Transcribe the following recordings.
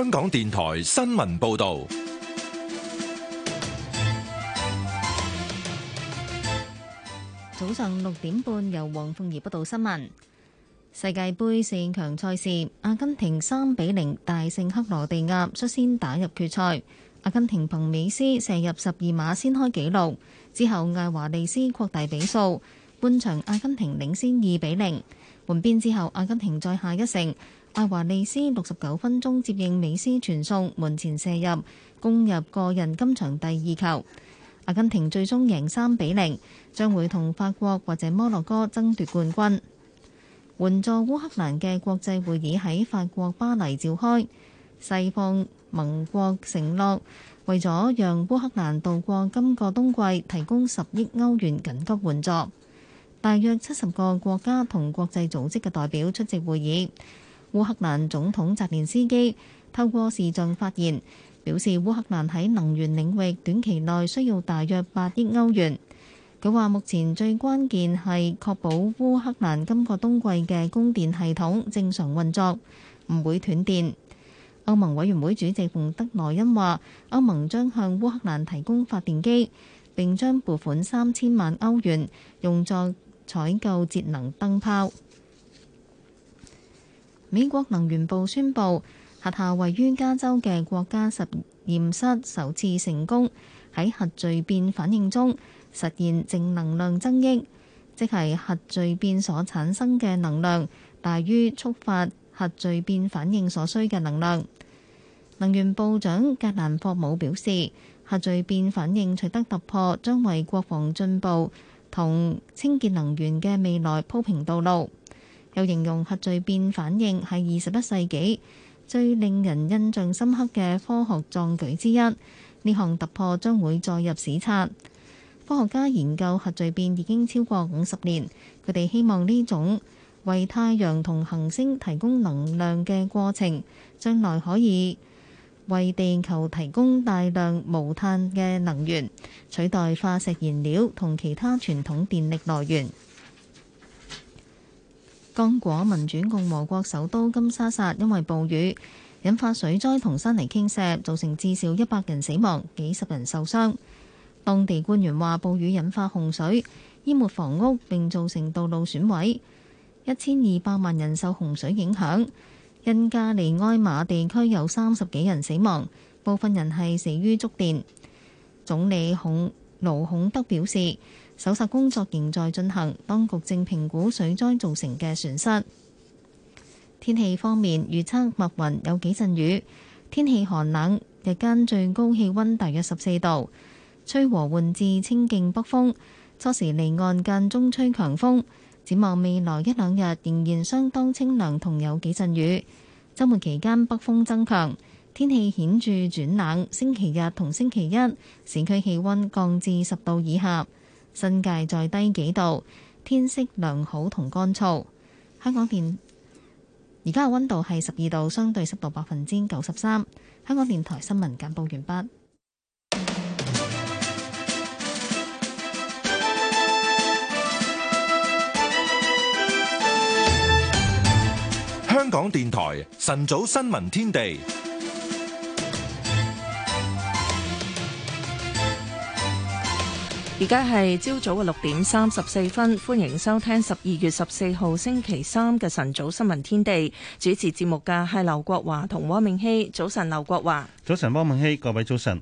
香港電台新聞報道。早上六點半，由黃鳳儀報道新聞。世界盃四強賽事，阿根廷三比零大勝克羅地亞，率先打入決賽。阿根廷憑美斯射入十二碼先開紀錄，之後艾華利斯擴大比數。半場阿根廷領先二比零。換邊之後，阿根廷再下一城。阿華利斯六十九分鐘接應美斯傳送，門前射入，攻入個人今場第二球。阿根廷最終贏三比零，將會同法國或者摩洛哥爭奪冠軍。援助烏克蘭嘅國際會議喺法國巴黎召開，西方盟國承諾為咗讓烏克蘭度過今個冬季，提供十億歐元緊急援助。大約七十個國家同國際組織嘅代表出席會議。烏克蘭總統澤連斯基透過視像發言，表示烏克蘭喺能源領域短期內需要大約八億歐元。佢話：目前最關鍵係確保烏克蘭今個冬季嘅供電系統正常運作，唔會斷電。歐盟委員會主席馮德萊恩話：歐盟將向烏克蘭提供發電機，並將撥款三千萬歐元用作採購節能燈泡。美國能源部宣布，核下位於加州嘅國家實驗室首次成功喺核聚變反應中實現淨能量增益，即係核聚變所產生嘅能量大於觸發核聚變反應所需嘅能量。能源部長格蘭霍姆表示，核聚變反應取得突破，將為國防進步同清潔能源嘅未來鋪平道路。又形容核聚變反應係二十一世紀最令人印象深刻嘅科學壯舉之一。呢項突破將會載入史冊。科學家研究核聚變已經超過五十年，佢哋希望呢種為太陽同行星提供能量嘅過程，將來可以為地球提供大量無碳嘅能源，取代化石燃料同其他傳統電力來源。剛果民主共和國首都金沙薩因為暴雨引發水災同山泥傾瀉，造成至少一百人死亡、幾十人受傷。當地官員話，暴雨引發洪水，淹沒房屋並造成道路損毀，一千二百萬人受洪水影響。恩加尼埃馬地區有三十幾人死亡，部分人係死於觸電。總理孔盧孔德表示，搜索工作仍在進行，當局正評估水災造成嘅損失。天氣方面，預測密雲有幾陣雨，天氣寒冷，日間最高氣溫大約十四度，吹和緩至清勁北風，初時離岸間中吹強風。展望未來一兩日仍然相當清涼，同有幾陣雨。周末期間北風增強，天氣顯著轉冷。星期日同星期一市區氣溫降至十度以下。新界再低幾度，天色良好同乾燥。香港電而家嘅溫度係十二度，相對濕度百分之九十三。香港電台新聞簡報完畢。香港電台晨早新聞天地。而家係朝早嘅六點三十四分，歡迎收聽十二月十四號星期三嘅晨早新聞天地。主持節目嘅係劉國華同汪明熙。早晨，劉國華。早晨，汪明熙。各位早晨。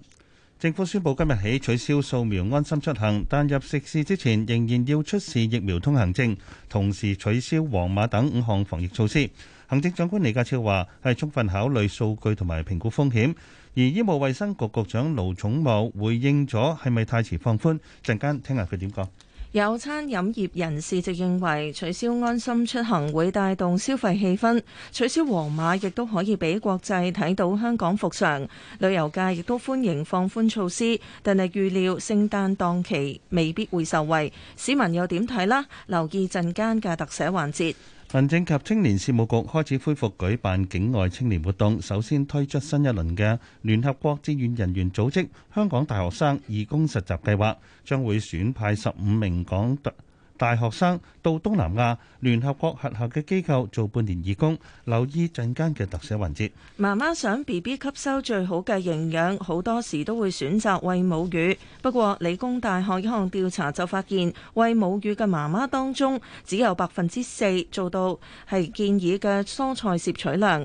政府宣布今日起取消掃描安心出行，但入食肆之前仍然要出示疫苗通行證，同時取消黃碼等五項防疫措施。行政長官李家超話係充分考慮數據同埋評估風險。而醫務衛生局局長盧寵茂回應咗，係咪太遲放寬？陣間聽下佢點講。有餐飲業人士就認為取消安心出行會帶動消費氣氛，取消黃碼亦都可以俾國際睇到香港復常。旅遊界亦都歡迎放寬措施，但係預料聖誕檔期未必會受惠。市民又點睇啦？留意陣間嘅特寫環節。民政及青年事務局開始恢復舉辦境外青年活動，首先推出新一輪嘅聯合國志願人員組織香港大學生義工實習計劃，將會選派十五名港特。大學生到東南亞聯合國轄下嘅機構做半年義工，留意陣間嘅特寫環節。媽媽想 BB 吸收最好嘅營養，好多時都會選擇餵母乳。不過，理工大學一項調查就發現，餵母乳嘅媽媽當中，只有百分之四做到係建議嘅蔬菜攝取量。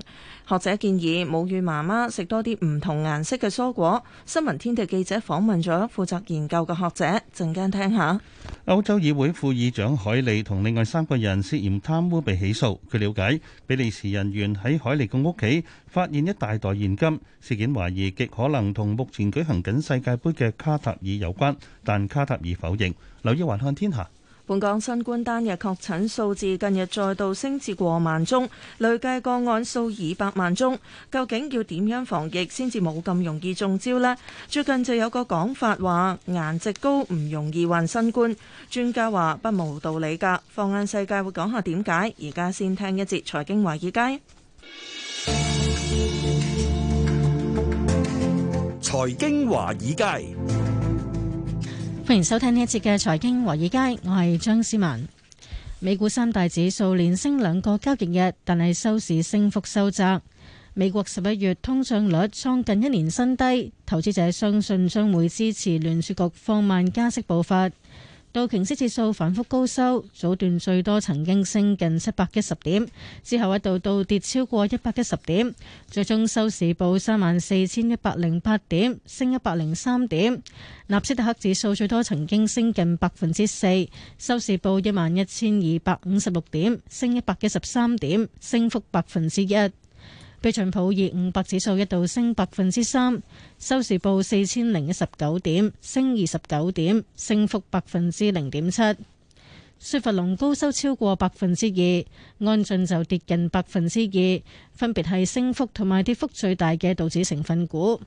學者建議母乳媽媽食多啲唔同顏色嘅蔬果。新聞天地記者訪問咗負責研究嘅學者，陣間聽下。歐洲議會副議長海利同另外三個人涉嫌貪污被起訴。據了解，比利時人員喺海利嘅屋企發現一大袋現金，事件懷疑極可能同目前舉行緊世界盃嘅卡塔爾有關，但卡塔爾否認。留意環看天下。本港新冠單日確診數字近日再度升至過萬宗，累計個案數以百萬宗。究竟要點樣防疫先至冇咁容易中招呢？最近就有個講法話，顏值高唔容易患新冠。專家話不無道理噶，放眼世界會講下點解。而家先聽一節財經華爾街。財經華爾街。歡迎收聽呢一節嘅財經華爾街，我係張思文。美股三大指數連升兩個交易日，但係收市升幅收窄。美國十一月通脹率創近一年新低，投資者相信將會支持聯儲局放慢加息步伐。道瓊斯指數反覆高收，早段最多曾經升近七百一十點，之後一度倒跌超過一百一十點，最終收市報三萬四千一百零八點，升一百零三點。納斯達克指數最多曾經升近百分之四，收市報一萬一千二百五十六點，升一百一十三點，升幅百分之一。標準普爾五百指數一度升百分之三，收市報四千零一十九點，升二十九點，升幅百分之零點七。雪佛龍高收超過百分之二，安進就跌近百分之二，分別係升幅同埋跌幅最大嘅道指成分股。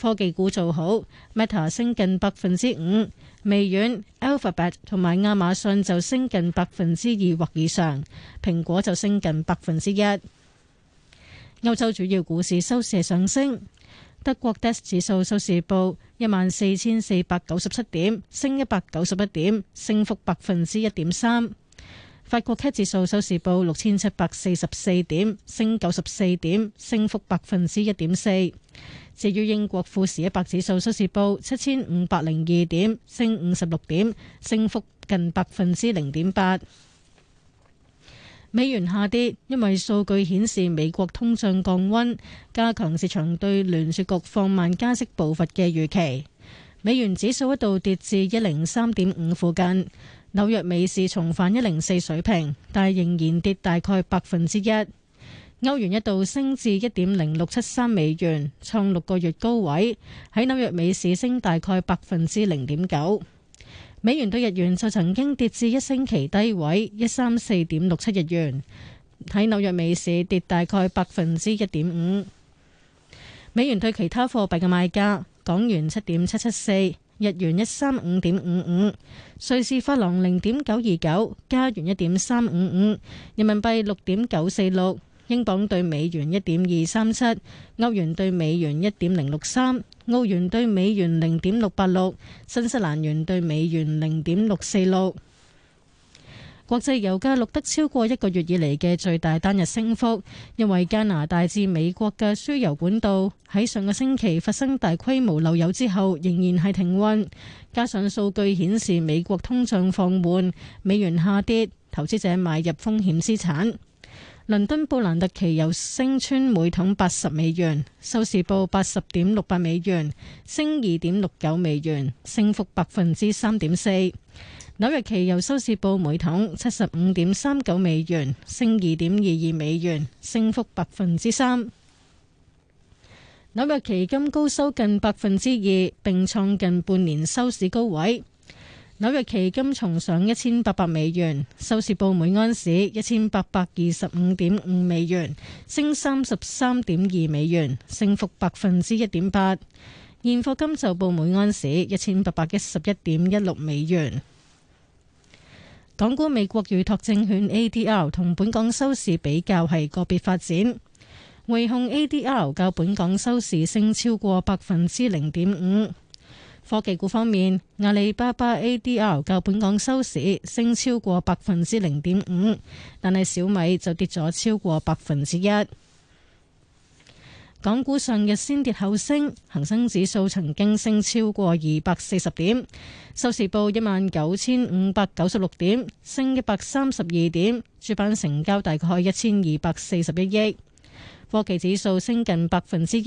科技股做好，Meta 升近百分之五，微軟、Alphabet 同埋亞馬遜就升近百分之二或以上，蘋果就升近百分之一。歐洲主要股市收市上升，德國 DAX 指數收市報一萬四千四百九十七點，升一百九十一點，升幅百分之一點三。法國 CAC 指數收市報六千七百四十四點，升九十四點，升幅百分之一點四。至於英國富時一百指數收市報七千五百零二點，升五十六點，升幅近百分之零點八。美元下跌，因為數據顯示美國通脹降溫，加強市場對聯儲局放慢加息步伐嘅預期。美元指數一度跌至一零三點五附近，紐約美市重返一零四水平，但仍然跌大概百分之一。歐元一度升至一點零六七三美元，創六個月高位，喺紐約美市升大概百分之零點九。美元兌日元就曾經跌至一星期低位一三四點六七日元，喺紐約美市跌大概百分之一點五。美元對其他貨幣嘅賣價：港元七點七七四，日元一三五點五五，瑞士法郎零點九二九，加元一點三五五，人民幣六點九四六，英鎊對美元一點二三七，歐元對美元一點零六三。澳元兌美元零點六八六，新西蘭元兌美元零點六四六。國際油價錄得超過一個月以嚟嘅最大單日升幅，因為加拿大至美國嘅輸油管道喺上個星期發生大規模漏油之後仍然係停運，加上數據顯示美國通脹放緩，美元下跌，投資者買入風險資產。倫敦布蘭特期油升穿每桶八十美元，收市報八十點六八美元，升二點六九美元，升幅百分之三點四。紐約期油收市報每桶七十五點三九美元，升二點二二美元，升幅百分之三。紐約期金高收近百分之二，並創近半年收市高位。紐約期金重上一千八百美元，收市報每盎司一千八百二十五點五美元，升三十三點二美元，升幅百分之一點八。現貨金就報每盎司一千八百一十一點一六美元。港股美國預託證券 A D R 同本港收市比較係個別發展，匯控 A D R 較本港收市升超過百分之零點五。科技股方面，阿里巴巴 ADR 較本港收市升超過百分之零點五，但係小米就跌咗超過百分之一。港股上日先跌後升，恆生指數曾經升超過二百四十點，收市報一萬九千五百九十六點，升一百三十二點，主板成交大概一千二百四十一億。科技指數升近百分之一，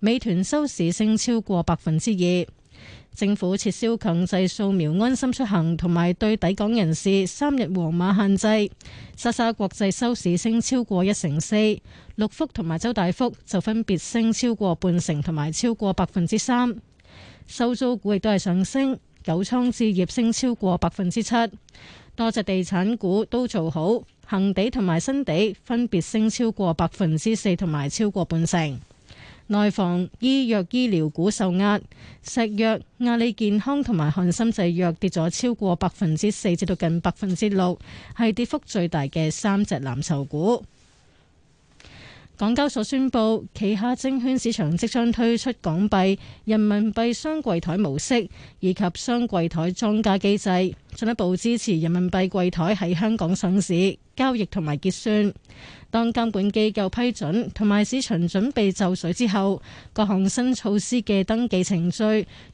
美團收市升超過百分之二。政府撤銷強制掃描、安心出行同埋對抵港人士三日黃碼限制。莎莎國際收市升超過一成四，六福同埋周大福就分別升超過半成同埋超過百分之三。收租股亦都係上升，九倉置業升超過百分之七，多隻地產股都做好，恒地同埋新地分別升超過百分之四同埋超過半成。內房醫藥醫療股受壓，石藥、阿里健康同埋翰森製藥跌咗超過百分之四，至到近百分之六，係跌幅最大嘅三隻藍籌股。港交所宣布，旗下證券市場即將推出港幣人民幣雙櫃台模式以及雙櫃台莊家機制，進一步支持人民幣櫃台喺香港上市交易同埋結算。當監管機構批准同埋市場準備就緒之後，各項新措施嘅登記程序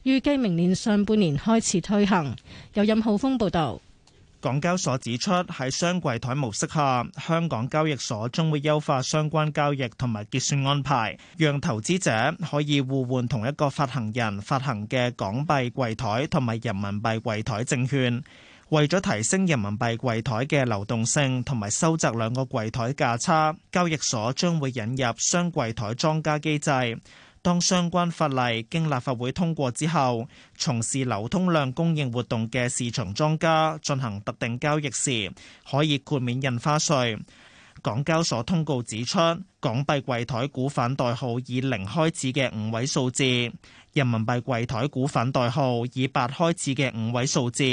預計明年上半年開始推行。由任浩峰報道。港交所指出，喺雙櫃檯模式下，香港交易所將會優化相關交易同埋結算安排，讓投資者可以互換同一個發行人發行嘅港幣櫃檯同埋人民幣櫃檯證券。為咗提升人民幣櫃檯嘅流動性同埋收窄兩個櫃檯價差，交易所將會引入雙櫃檯莊家機制。當相關法例經立法會通過之後，從事流通量供應活動嘅市場莊家進行特定交易時，可以豁免印花稅。港交所通告指出，港幣櫃台股份代號以零開始嘅五位數字，人民幣櫃台股份代號以八開始嘅五位數字，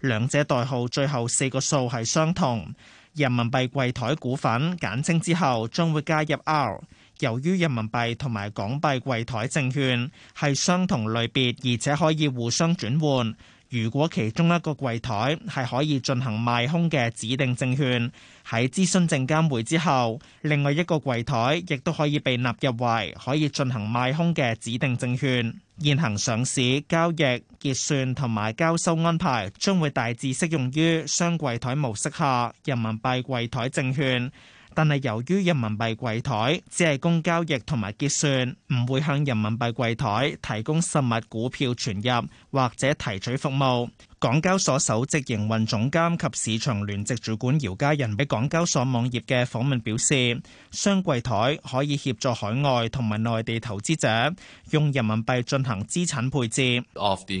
兩者代號最後四個數係相同。人民幣櫃台股份簡稱之後將會加入 R。由於人民幣同埋港幣櫃台證券係相同類別，而且可以互相轉換。如果其中一個櫃台係可以進行賣空嘅指定證券，喺諮詢證監會之後，另外一個櫃台亦都可以被納入為可以進行賣空嘅指定證券。現行上市、交易、結算同埋交收安排將會大致適用於雙櫃台模式下人民幣櫃台證券。但係，由於人民幣櫃台只係供交易同埋結算，唔會向人民幣櫃台提供實物股票存入或者提取服務。港交所首席營運總監及市場聯席主管姚嘉仁畀港交所網頁嘅訪問表示，雙櫃台可以協助海外同埋內地投資者用人民幣進行資產配置。Of the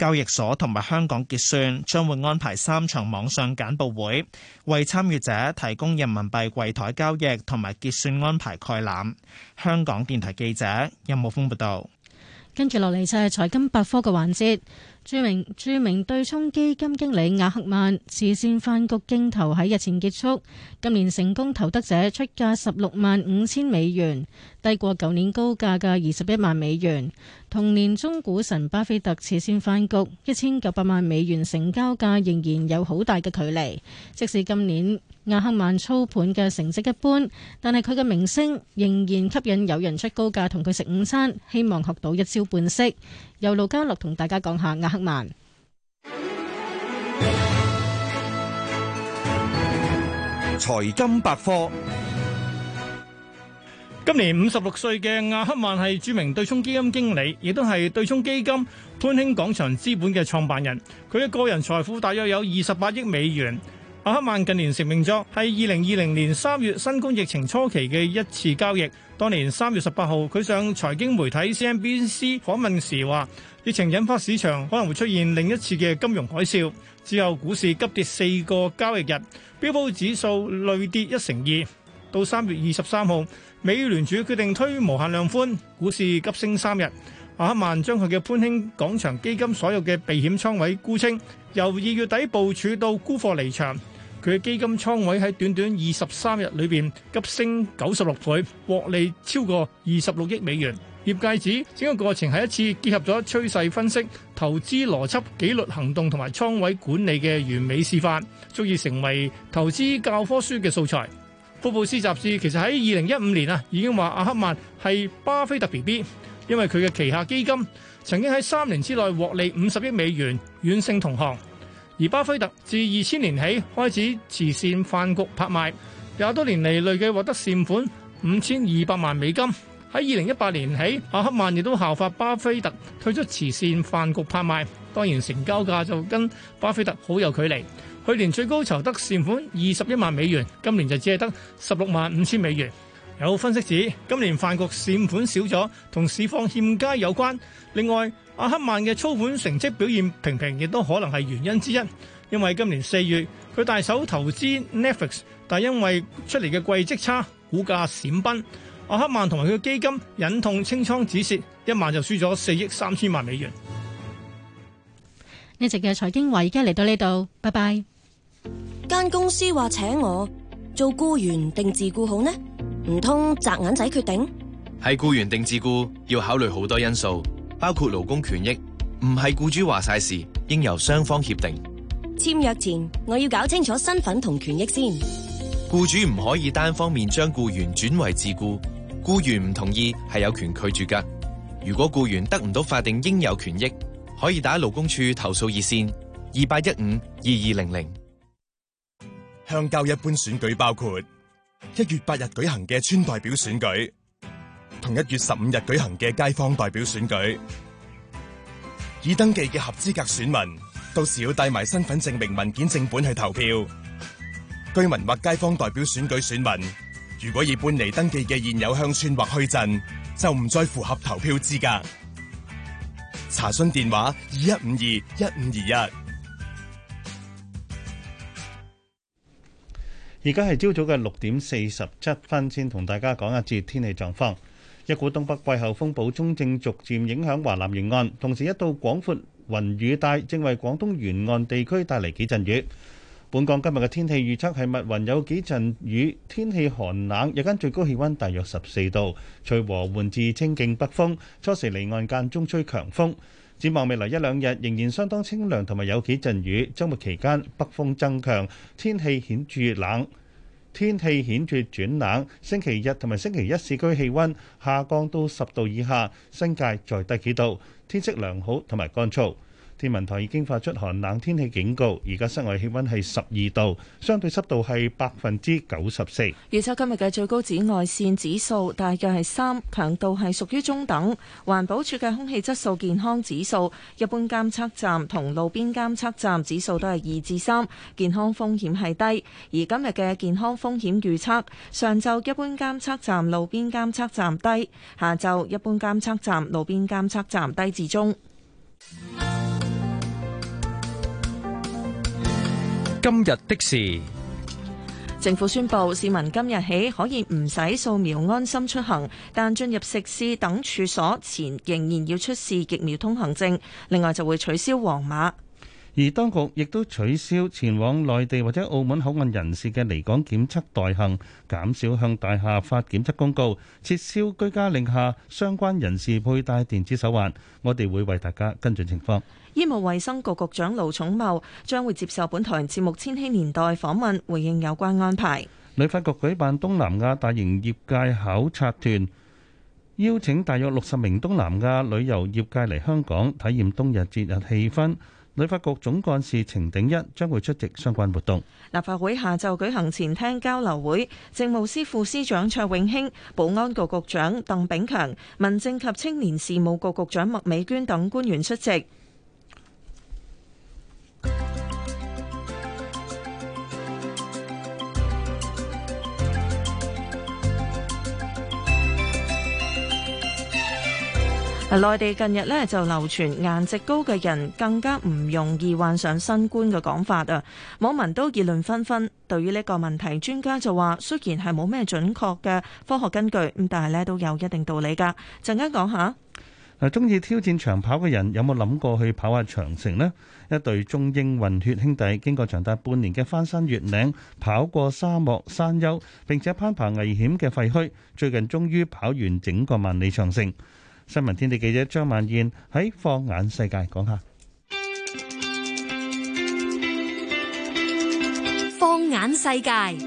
交易所同埋香港結算將會安排三場網上簡報會，為參與者提供人民幣櫃台交易同埋結算安排概覽。香港電台記者任慕峰報道。跟住落嚟就係財經百科嘅環節。著名著名對沖基金經理亞克曼慈善飯局競投喺日前結束，今年成功投得者出價十六萬五千美元，低過舊年高價嘅二十一萬美元。同年中，股神巴菲特慈善飯局一千九百萬美元成交價仍然有好大嘅距離，即使今年。亞克曼操盤嘅成績一般，但係佢嘅名聲仍然吸引有人出高價同佢食午餐，希望學到一招半式。由盧嘉樂同大家講下亞克曼。財金百科，今年五十六歲嘅亞克曼係著名對沖基金經理，亦都係對沖基金潘興廣場資本嘅創辦人。佢嘅個人財富大約有二十八億美元。阿克曼近年成名作係二零二零年三月新冠疫情初期嘅一次交易。當年三月十八號，佢上財經媒體 CNBC 訪問時話：疫情引發市場可能會出現另一次嘅金融海嘯。之後股市急跌四個交易日，標普指數累跌一成二。到三月二十三號，美聯儲決定推無限量寬，股市急升三日。阿克曼將佢嘅潘興廣場基金所有嘅避險倉位沽清。由二月底部署到沽貨離場，佢嘅基金倉位喺短短二十三日裏邊急升九十六倍，獲利超過二十六億美元。業界指整個過程係一次結合咗趨勢分析、投資邏輯、紀律行動同埋倉位管理嘅完美示範，足以成為投資教科書嘅素材。《福布斯》雜誌其實喺二零一五年啊已經話阿克曼係巴菲特 BB，因為佢嘅旗下基金。曾經喺三年之內獲利五十億美元，遠勝同行。而巴菲特自二千年起開始慈善飯局拍賣，廿多年嚟累計獲得善款五千二百萬美金。喺二零一八年起，阿克曼亦都效法巴菲特退出慈善飯局拍賣，當然成交價就跟巴菲特好有距離。去年最高籌得善款二十一萬美元，今年就只係得十六萬五千美元。有分析指今年飯局善款少咗，同市況欠佳有關。另外，阿克曼嘅操盤成績表現平平，亦都可能係原因之一。因為今年四月，佢大手投資 Netflix，但因為出嚟嘅季績差，股價閃崩。阿克曼同埋佢基金忍痛清倉止蝕，一晚就輸咗四億三千萬美元。呢集嘅財經話而家嚟到呢度，拜拜。間公司話請我做僱員定自僱好呢？唔通擲銀仔決定？係僱員定自僱要考慮好多因素，包括勞工權益，唔係僱主話晒事，應由雙方協定。簽約前我要搞清楚身份同權益先。僱主唔可以單方面將僱員轉為自僱，僱員唔同意係有權拒絕噶。如果僱員得唔到法定應有權益，可以打勞工處投訴熱線二八一五二二零零。鄉郊一般選舉包括，一月八日舉行嘅村代表選舉，同一月十五日舉行嘅街坊代表選舉，已登記嘅合資格選民，到時要帶埋身份證明文件正本去投票。居民或街坊代表選舉選民，如果已搬離登記嘅現有鄉村或墟鎮，就唔再符合投票資格。查詢電話21 5 21 5 21：二一五二一五二一。而家係朝早嘅六點四十七分，先同大家講一節天氣狀況。一股東北季候風暴中正，逐漸影響華南沿岸，同時一道廣闊雲雨帶正為廣東沿岸地區帶嚟幾陣雨。本港今日嘅天氣預測係密雲有幾陣雨，天氣寒冷，日間最高氣温大約十四度，隨和緩至清勁北風，初時離岸間中吹強風。展望未來一兩日仍然相當清涼同埋有幾陣雨，周末期間北風增強，天氣顯著冷，天氣顯著轉冷。星期日同埋星期一市區氣温下降到十度以下，新界再低幾度。天色良好同埋乾燥。天文台已經發出寒冷天氣警告，而家室外氣温係十二度，相對濕度係百分之九十四。預測今日嘅最高紫外線指數大約係三，強度係屬於中等。環保署嘅空氣質素健康指數，一般監測站同路邊監測站指數都係二至三，健康風險係低。而今日嘅健康風險預測，上晝一般監測站、路邊監測站低，下晝一般監測站、路邊監測站低至中。今日的事，政府宣佈市民今日起可以唔使掃描安心出行，但進入食肆等處所前仍然要出示疫苗通行證。另外就會取消黃碼，而當局亦都取消前往內地或者澳門口岸人士嘅離港檢測代行，減少向大廈發檢測公告，撤銷居家令下相關人士佩戴電子手環。我哋會為大家跟進情況。醫務衛生局局長盧寵茂將會接受本台節目《千禧年代》訪問，回應有關安排。旅發局舉辦東南亞大型業界考察團，邀請大約六十名東南亞旅遊業界嚟香港體驗冬日節日氣氛。旅發局總幹事程鼎一將會出席相關活動。立法會下晝舉行前廳交流會，政務司副司長卓永興、保安局局長鄧炳強、民政及青年事務局局長麥美娟等官員出席。內地近日咧就流傳顏值高嘅人更加唔容易患上新冠嘅講法啊，網民都議論紛紛。對於呢個問題，專家就話，雖然係冇咩準確嘅科學根據，但係咧都有一定道理㗎。陣間講下嗱，中意挑戰長跑嘅人有冇諗過去跑下長城呢？一對中英混血兄弟經過長達半年嘅翻山越嶺，跑過沙漠、山丘，並且攀爬危險嘅廢墟，最近終於跑完整個萬里長城。新聞天地記者張萬燕喺放眼世界講下，放眼世界，下放眼世界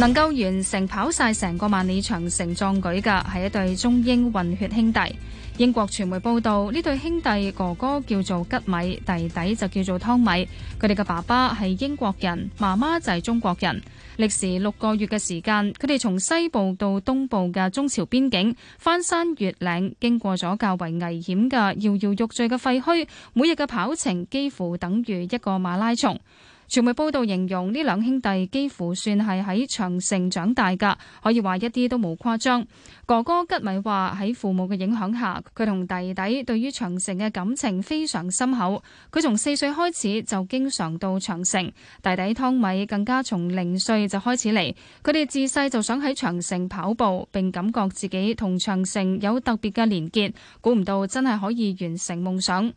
能夠完成跑晒成個萬里長城壯舉嘅係一對中英混血兄弟。英國傳媒報道，呢對兄弟哥哥叫做吉米，弟弟就叫做湯米。佢哋嘅爸爸係英國人，媽媽就係中國人。歷時六個月嘅時間，佢哋從西部到東部嘅中朝邊境，翻山越嶺，經過咗較為危險嘅搖搖欲墜嘅廢墟，每日嘅跑程幾乎等於一個馬拉松。傳媒報道形容呢兩兄弟幾乎算係喺長城長大㗎，可以話一啲都冇誇張。哥哥吉米話喺父母嘅影響下，佢同弟弟對於長城嘅感情非常深厚。佢從四歲開始就經常到長城，弟弟湯米更加從零歲就開始嚟。佢哋自細就想喺長城跑步，並感覺自己同長城有特別嘅連結。估唔到真係可以完成夢想。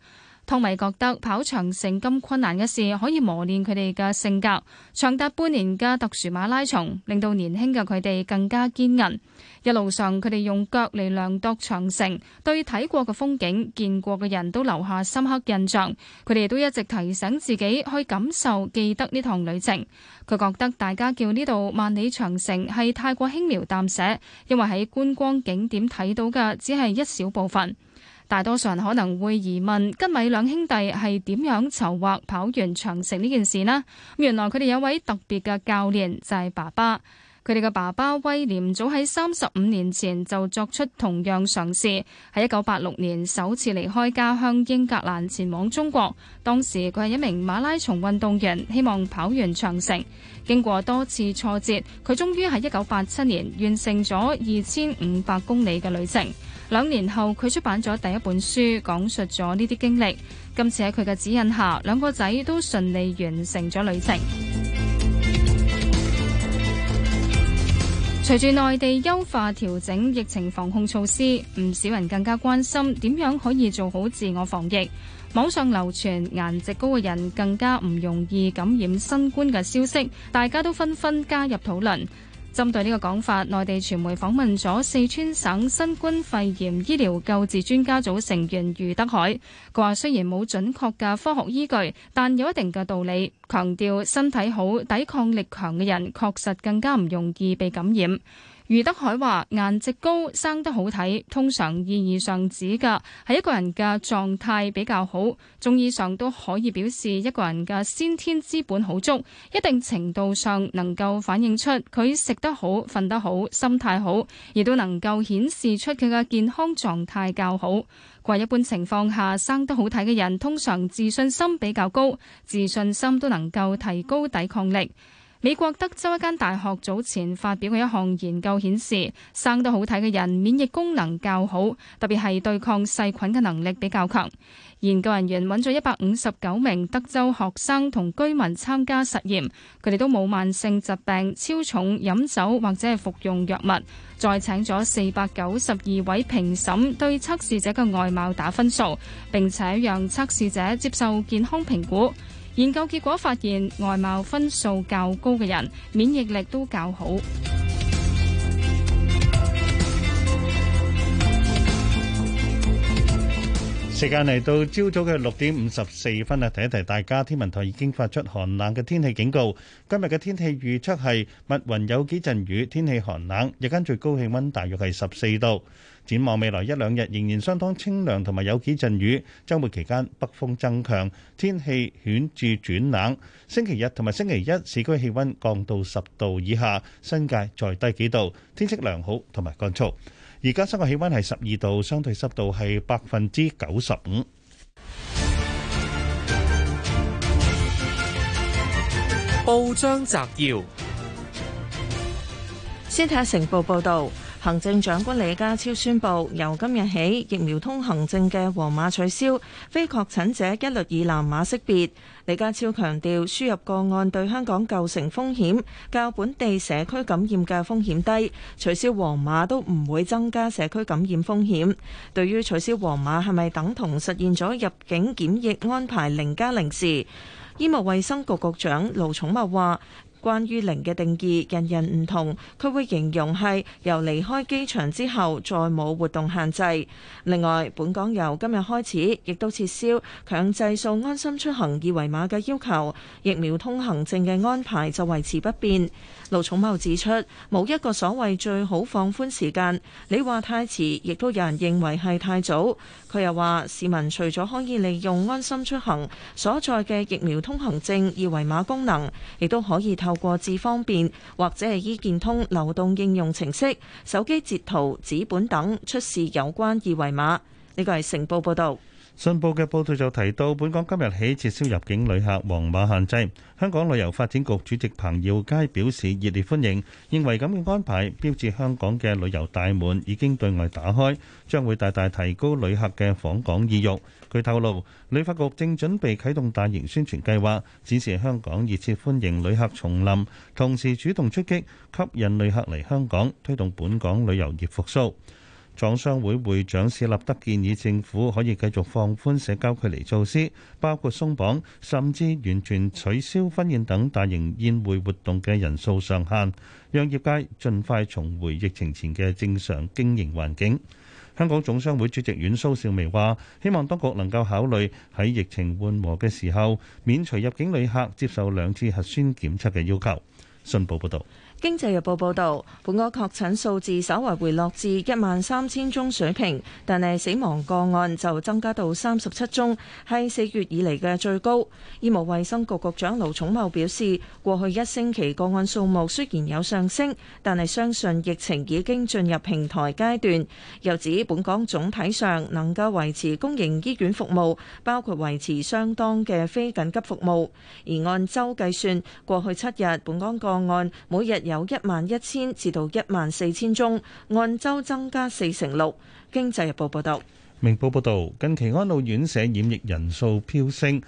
湯米覺得跑長城咁困難嘅事可以磨練佢哋嘅性格，長達半年嘅特殊馬拉松令到年輕嘅佢哋更加堅韌。一路上佢哋用腳嚟量度長城，對睇過嘅風景、見過嘅人都留下深刻印象。佢哋都一直提醒自己去感受、記得呢趟旅程。佢覺得大家叫呢度萬里長城係太過輕描淡寫，因為喺觀光景點睇到嘅只係一小部分。大多數人可能會疑問，吉米兩兄弟係點樣籌劃跑完長城呢件事呢？原來佢哋有一位特別嘅教練就係爸爸。佢哋嘅爸爸威廉早喺三十五年前就作出同樣嘗試，喺一九八六年首次離開家鄉英格蘭前往中國。當時佢係一名馬拉松運動員，希望跑完長城。經過多次挫折，佢終於喺一九八七年完成咗二千五百公里嘅旅程。兩年後，佢出版咗第一本書，講述咗呢啲經歷。今次喺佢嘅指引下，兩個仔都順利完成咗旅程。隨住內地優化調整疫情防控措施，唔少人更加關心點樣可以做好自我防疫。網上流傳顏值高嘅人更加唔容易感染新冠嘅消息，大家都紛紛加入討論。針對呢個講法，內地傳媒訪問咗四川省新冠肺炎醫療救治專家組成員余德海，佢話雖然冇準確嘅科學依據，但有一定嘅道理，強調身體好、抵抗力強嘅人，確實更加唔容易被感染。余德海話：顏值高、生得好睇，通常意義上指嘅係一個人嘅狀態比較好，中醫上都可以表示一個人嘅先天資本好足，一定程度上能夠反映出佢食得好、瞓得好、心態好，亦都能夠顯示出佢嘅健康狀態較好。而一般情況下，生得好睇嘅人通常自信心比較高，自信心都能夠提高抵抗力。美國德州一間大學早前發表嘅一項研究顯示，生得好睇嘅人免疫功能較好，特別係對抗細菌嘅能力比較強。研究人員揾咗一百五十九名德州學生同居民參加實驗，佢哋都冇慢性疾病、超重、飲酒或者係服用藥物。再請咗四百九十二位評審對測試者嘅外貌打分數，並且讓測試者接受健康評估。研究結果發現，外貌分數較高嘅人免疫力都較好。時間嚟到朝早嘅六點五十四分啦，提一提大家，天文台已經發出寒冷嘅天氣警告。今日嘅天氣預測係密雲有幾陣雨，天氣寒冷，日間最高氣溫大約係十四度。展望未來一兩日仍然相當清涼，同埋有幾陣雨。周末期間北風增強，天氣顯著轉冷。星期日同埋星期一市區氣溫降到十度以下，新界再低幾度。天色良好，同埋乾燥。而家室外氣溫係十二度，相對濕度係百分之九十五。報章摘要：先睇下成報報道。行政長官李家超宣布，由今日起疫苗通行證嘅黃碼取消，非確診者一律以藍碼識別。李家超強調，輸入個案對香港構成風險，較本地社區感染嘅風險低，取消黃碼都唔會增加社區感染風險。對於取消黃碼係咪等同實現咗入境檢疫安排零加零時，醫務衛生局局長盧寵茂話。關於零嘅定義，人人唔同。佢會形容係由離開機場之後，再冇活動限制。另外，本港由今日開始，亦都撤銷強制掃安心出行二維碼嘅要求，疫苗通行證嘅安排就維持不變。盧寵茂指出，冇一個所謂最好放寬時間，你話太遲，亦都有人認為係太早。佢又話，市民除咗可以利用安心出行所在嘅疫苗通行證二維碼功能，亦都可以透過至方便或者係醫健通流動應用程式、手機截圖、紙本等出示有關二維碼。呢個係成報報道。信報嘅報道就提到，本港今日起撤銷入境旅客黃碼限制。香港旅遊發展局主席彭耀佳表示熱烈歡迎，認為咁嘅安排，標誌香港嘅旅遊大門已經對外打開，將會大大提高旅客嘅訪港意欲。佢透露，旅發局正準備啟動大型宣傳計劃，展示香港熱切歡迎旅客重臨，同時主動出擊，吸引旅客嚟香港，推動本港旅遊業復甦。廠商會會長史立德建議政府可以繼續放寬社交距離措施，包括鬆綁甚至完全取消婚宴等大型宴會活動嘅人數上限，讓業界盡快重回疫情前嘅正常經營環境。香港總商會主席阮蘇少湄話，希望當局能夠考慮喺疫情緩和嘅時候，免除入境旅客接受兩次核酸檢測嘅要求。信報報道。經濟日報報導，本港確診數字稍為回落至一萬三千宗水平，但係死亡個案就增加到三十七宗，係四月以嚟嘅最高。醫務衛生局局長盧寵茂表示，過去一星期個案數目雖然有上升，但係相信疫情已經進入平台階段。又指本港總體上能夠維持公營醫院服務，包括維持相當嘅非緊急服務。而按週計算，過去七日本港個案每日有一萬一千至到一萬四千宗，按周增加四成六。經濟日報報道。明報報道，近期安老院舍染疫人數飆升，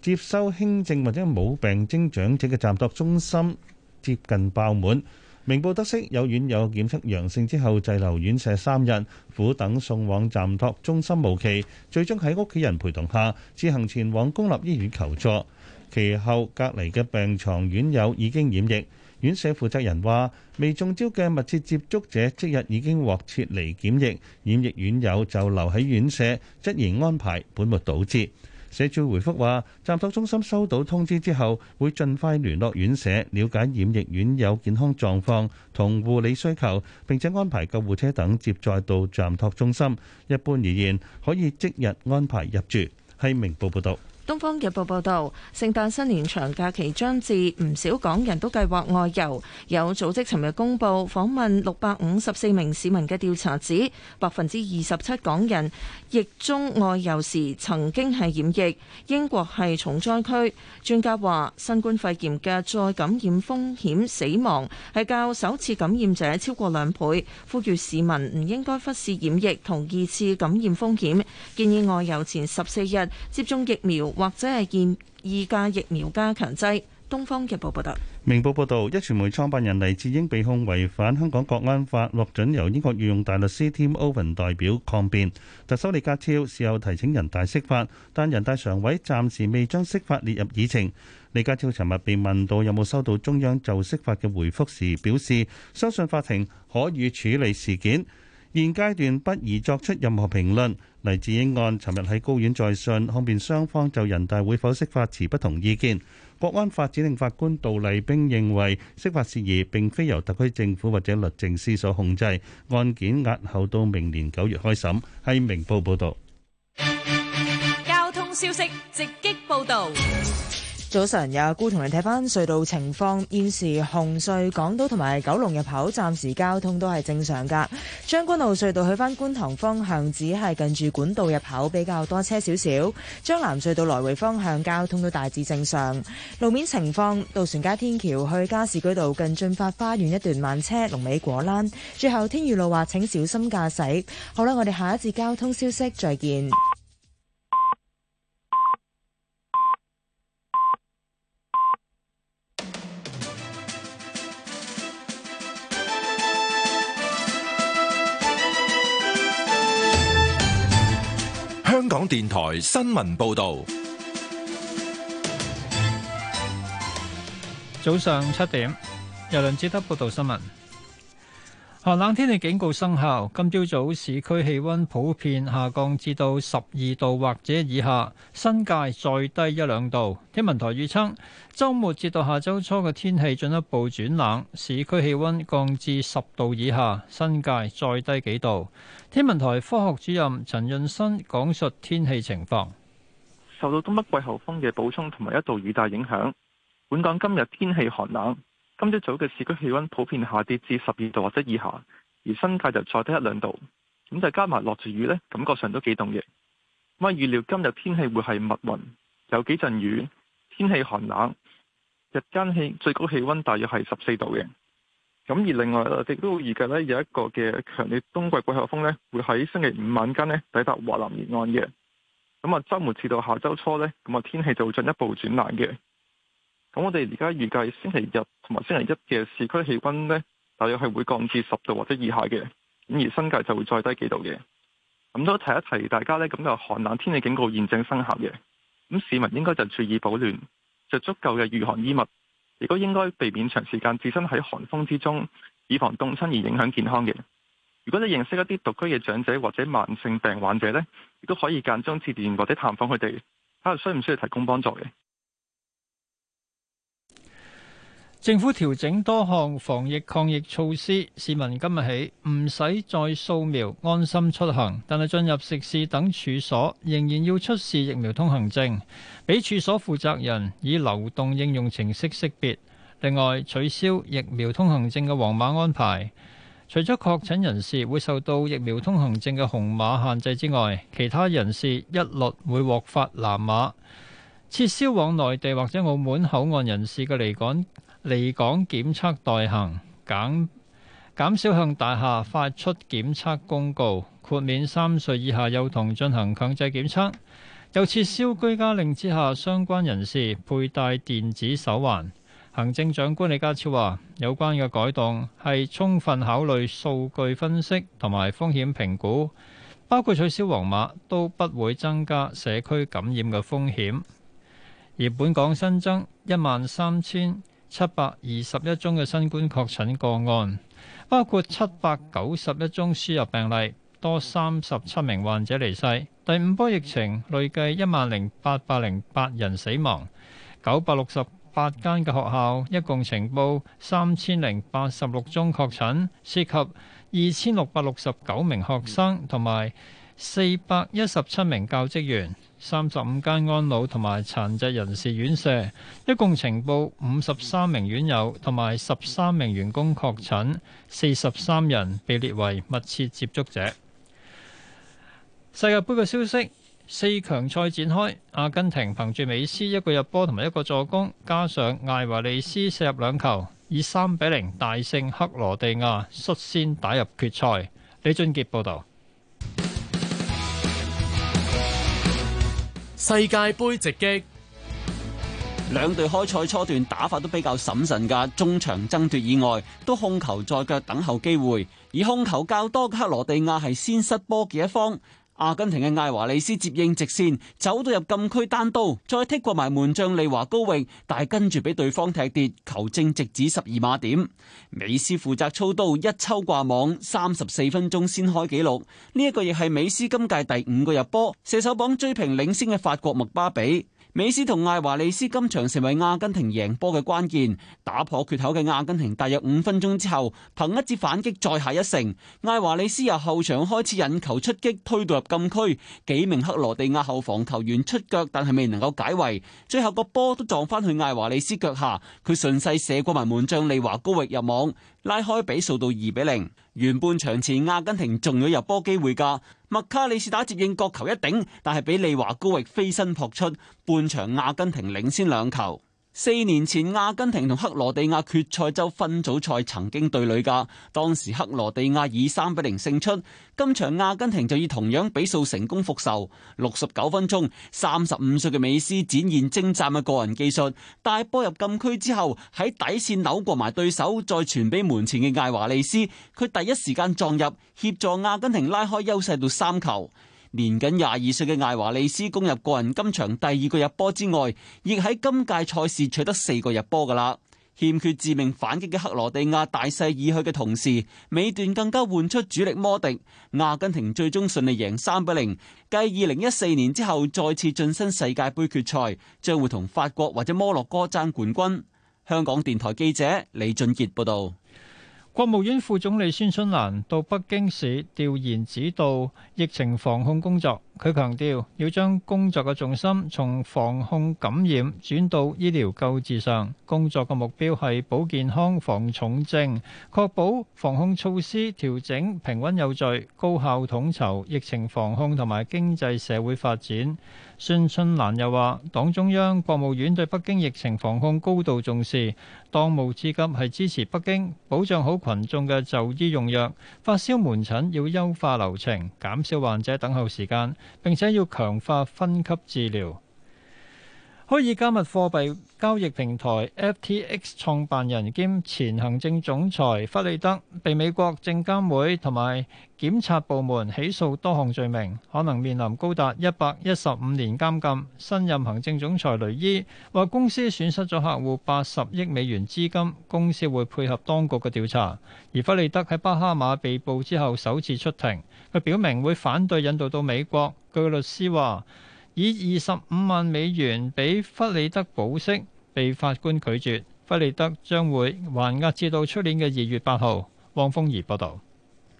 接收輕症或者冇病徵長者嘅暫託中心接近爆滿。明報得悉，有院友檢測陽性之後，滯留院舍三日，苦等送往暫託中心無期，最終喺屋企人陪同下自行前往公立醫院求助。其後隔離嘅病牀院友已經染疫。院舍負責人話：未中招嘅密切接觸者即日已經獲撤離檢疫，染疫院友就留喺院舍，質疑安排本末倒置。社署回覆話：暫託中心收到通知之後，會盡快聯絡院舍，瞭解染疫院友健康狀況同護理需求，並且安排救護車等接載到暫託中心。一般而言，可以即日安排入住。係明報報道。東方日報報道，聖誕新年長假期將至，唔少港人都計劃外遊。有組織尋日公布訪問六百五十四名市民嘅調查指，指百分之二十七港人疫中外遊時曾經係染疫。英國係重災區，專家話新冠肺炎嘅再感染風險死亡係較首次感染者超過兩倍，呼籲市民唔應該忽視染疫同二次感染風險，建議外遊前十四日接種疫苗。或者係建議二價疫苗加強劑。《東方日報》報道。明報報道，一傳媒創辦人黎智英被控違反香港國安法，獲准由英國御用大律師 Tim Owen 代表抗辯。特首李家超事後提請人大釋法，但人大常委暫時未將釋法列入議程。李家超尋日被問到有冇收到中央就釋法嘅回覆時，表示相信法庭可以處理事件。現階段不宜作出任何評論。黎智英案，尋日喺高院再訊，控辯雙方就人大會否釋法持不同意見。國安法指定法官杜麗冰認為，釋法事宜並非由特區政府或者律政司所控制。案件押後到明年九月開審。喺《明報》報道。交通消息直擊報道。早晨有，有阿姑同你睇翻隧道情況。現時紅隧港島同埋九龍入口暫時交通都係正常噶。將軍澳隧道去翻觀塘方向，只係近住管道入口比較多車少少。將南隧道來回方向交通都大致正常。路面情況，渡船街天橋去加士居道近駿發花園一段慢車，龍尾果欄。最後天宇路話，請小心駕駛。好啦，我哋下一節交通消息再見。 香港電台新聞報道，早上七點，由梁志德報道新聞。寒冷天氣警告生效，今朝早，早市區氣溫普遍下降至到十二度或者以下，新界再低一兩度。天文台預測，周末至到下周初嘅天氣進一步轉冷，市區氣溫降至十度以下，新界再低幾度。天文台科學主任陳潤新講述天氣情況。受到東北季候風嘅補充同埋一道雨帶影響，本港今日天氣寒冷。今朝早嘅市區氣溫普遍下跌至十二度或者以下，而新界就再低一兩度。咁就加埋落住雨呢，感覺上都幾凍嘅。咁啊，預料今日天氣會係密雲，有幾陣雨，天氣寒冷。日間氣最高氣溫大約係十四度嘅。咁而另外啦，亦都預計咧有一個嘅強烈冬季季候風咧，會喺星期五晚間咧抵達華南沿岸嘅。咁啊，周末至到下周初咧，咁啊天氣就會進一步轉冷嘅。咁我哋而家預計星期日同埋星期一嘅市區氣溫咧，大約係會降至十度或者以下嘅。咁而新界就會再低幾度嘅。咁都提一提大家咧，咁就寒冷天氣警告現正生效嘅。咁市民應該就注意保暖，着足夠嘅御寒衣物。亦都應該避免長時間置身喺寒風之中，以防凍親而影響健康嘅。如果你認識一啲獨居嘅長者或者慢性病患者咧，亦都可以間中致電或者探訪佢哋，睇下需唔需要提供幫助嘅。政府調整多項防疫抗疫措施，市民今日起唔使再掃描安心出行，但係進入食肆等處所仍然要出示疫苗通行證，俾處所負責人以流動應用程式識別。另外，取消疫苗通行證嘅黃碼安排，除咗確診人士會受到疫苗通行證嘅紅碼限制之外，其他人士一律會獲發藍碼。撤銷往內地或者澳門口岸人士嘅離港離港檢測代行減，減少向大廈發出檢測公告，豁免三歲以下幼童進行強制檢測，又撤銷居家令之下相關人士佩戴電子手環。行政長官李家超話：有關嘅改動係充分考慮數據分析同埋風險評估，包括取消黃碼，都不會增加社區感染嘅風險。而本港新增一萬三千。七百二十一宗嘅新冠確診個案，包括七百九十一宗輸入病例，多三十七名患者離世。第五波疫情累計一萬零八百零八人死亡，九百六十八間嘅學校一共呈報三千零八十六宗確診，涉及二千六百六十九名學生同埋四百一十七名教職員。三十五間安老同埋殘疾人士院舍，一共呈報五十三名院友同埋十三名員工確診，四十三人被列為密切接觸者。世界盃嘅消息，四強賽展開，阿根廷憑住美斯一個入波同埋一個助攻，加上艾華利斯射入兩球，以三比零大勝克羅地亞，率先打入決賽。李俊傑報導。世界杯直擊，兩隊開賽初段打法都比較審慎噶，中場爭奪以外都控球在腳，等候機會。而控球較多嘅克羅地亞係先失波嘅一方。阿根廷嘅艾華里斯接應直線走到入禁區單刀，再踢過埋門將利華高域，但係跟住俾對方踢跌，球證直指十二碼點。美斯負責操，操刀一抽掛網，三十四分鐘先開紀錄，呢、這、一個亦係美斯今屆第五個入波，射手榜追平領先嘅法國麥巴比。美斯同艾華利斯今場成為阿根廷贏波嘅關鍵，打破缺口嘅阿根廷，大約五分鐘之後，憑一次反擊再下一城。艾華利斯由後場開始引球出擊，推到入禁區，幾名克羅地亞後防球員出腳，但係未能夠解圍，最後個波都撞翻去艾華利斯腳下，佢順勢射過埋門將利華高域入網。拉開比數到二比零，完半場前阿根廷仲有入波機會㗎，麥卡利斯打接應角球一頂，但係俾利華高域飛身撲出，半場阿根廷領先兩球。四年前阿根廷同克羅地亞決賽周分組賽曾經對壘噶，當時克羅地亞以三比零勝出。今場阿根廷就以同樣比數成功復仇。六十九分鐘，三十五歲嘅美斯展現精湛嘅個人技術，帶波入禁區之後喺底線扭過埋對手，再傳俾門前嘅艾華利斯，佢第一時間撞入協助阿根廷拉開優勢到三球。年僅廿二歲嘅艾華利斯攻入個人今場第二個入波之外，亦喺今屆賽事取得四個入波㗎喇。欠缺致命反擊嘅克羅地亞大勢已去嘅同時，尾段更加換出主力摩迪。阿根廷最終順利贏三比零，繼二零一四年之後再次晉身世界盃決賽，將會同法國或者摩洛哥爭冠軍。香港電台記者李俊傑報道。國務院副總理孫春蘭到北京市調研指導疫情防控工作。佢強調要將工作嘅重心從防控感染轉到醫療救治上，工作嘅目標係保健康、防重症，確保防控措施調整平穩有序、高效統籌疫情防控同埋經濟社會發展。孫春蘭又話：黨中央、國務院對北京疫情防控高度重視，當務之急係支持北京保障好群眾嘅就醫用藥，發燒門診要優化流程，減少患者等候時間。並且要強化分級治療。可以加密貨幣交易平台 FTX 創辦人兼前行政總裁弗利德被美國證監會同埋檢察部門起訴多項罪名，可能面臨高達一百一十五年監禁。新任行政總裁雷伊話公司損失咗客戶八十億美元資金，公司會配合當局嘅調查。而弗利德喺巴哈馬被捕之後首次出庭，佢表明會反對引渡到美國。據律師話。以二十五萬美元俾弗里德保釋，被法官拒絕。弗里德將會還押至到出年嘅二月八號。汪峰儀報導，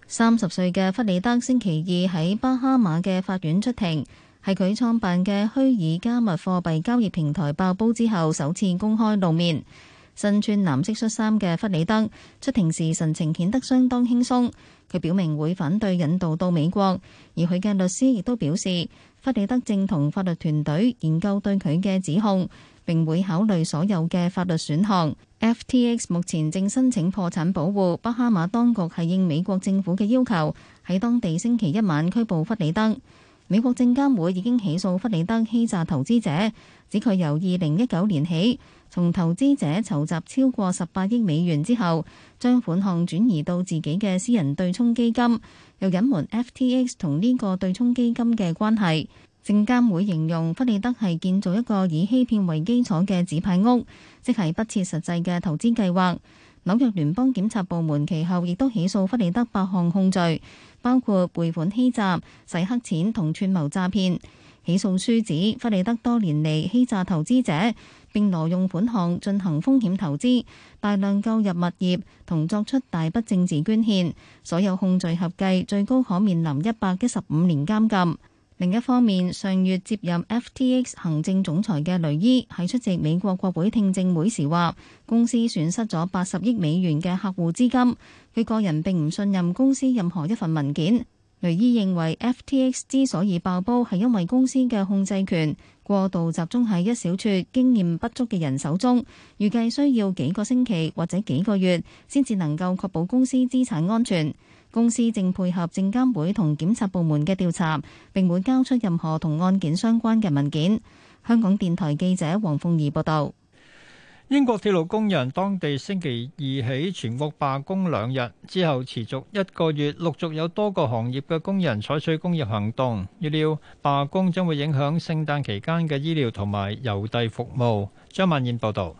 三十歲嘅弗里德星期二喺巴哈馬嘅法院出庭，係佢創辦嘅虛擬加密貨幣交易平台爆煲之後首次公開露面。身穿藍色恤衫嘅弗里德出庭時神情顯得相當輕鬆，佢表明會反對引渡到美國，而佢嘅律師亦都表示。弗里德正同法律團隊研究對佢嘅指控，並會考慮所有嘅法律選項。FTX 目前正申請破產保護。巴哈馬當局係應美國政府嘅要求，喺當地星期一晚拘捕弗里德。美國證監會已經起訴弗里德欺詐投資者，指佢由二零一九年起，從投資者籌集超過十八億美元之後，將款項轉移到自己嘅私人對沖基金。又隱瞞 FTX 同呢個對沖基金嘅關係，證監會形容弗里德係建造一個以欺騙為基礎嘅紙牌屋，即係不切實際嘅投資計劃。紐約聯邦檢察部門其後亦都起訴弗里德八項控罪，包括匯款欺詐、洗黑錢同串謀詐騙。起訴書指弗里德多年嚟欺詐投資者。並挪用款項進行風險投資，大量購入物業同作出大筆政治捐獻，所有控罪合計最高可面臨一百一十五年監禁。另一方面，上月接任 FTX 行政總裁嘅雷伊喺出席美國國會聽證會時話，公司損失咗八十億美元嘅客戶資金，佢個人並唔信任公司任何一份文件。雷伊認為 FTX 之所以爆煲係因為公司嘅控制權，過度集中喺一小撮經驗不足嘅人手中，預計需要幾個星期或者幾個月先至能夠確保公司資產安全。公司正配合證監會同檢察部門嘅調查，並會交出任何同案件相關嘅文件。香港電台記者黃鳳儀報導。英國鐵路工人當地星期二起全國罷工兩日，之後持續一個月，陸續有多個行業嘅工人採取工業行動。預料罷工將會影響聖誕期間嘅醫療同埋郵遞服務。張萬燕報道。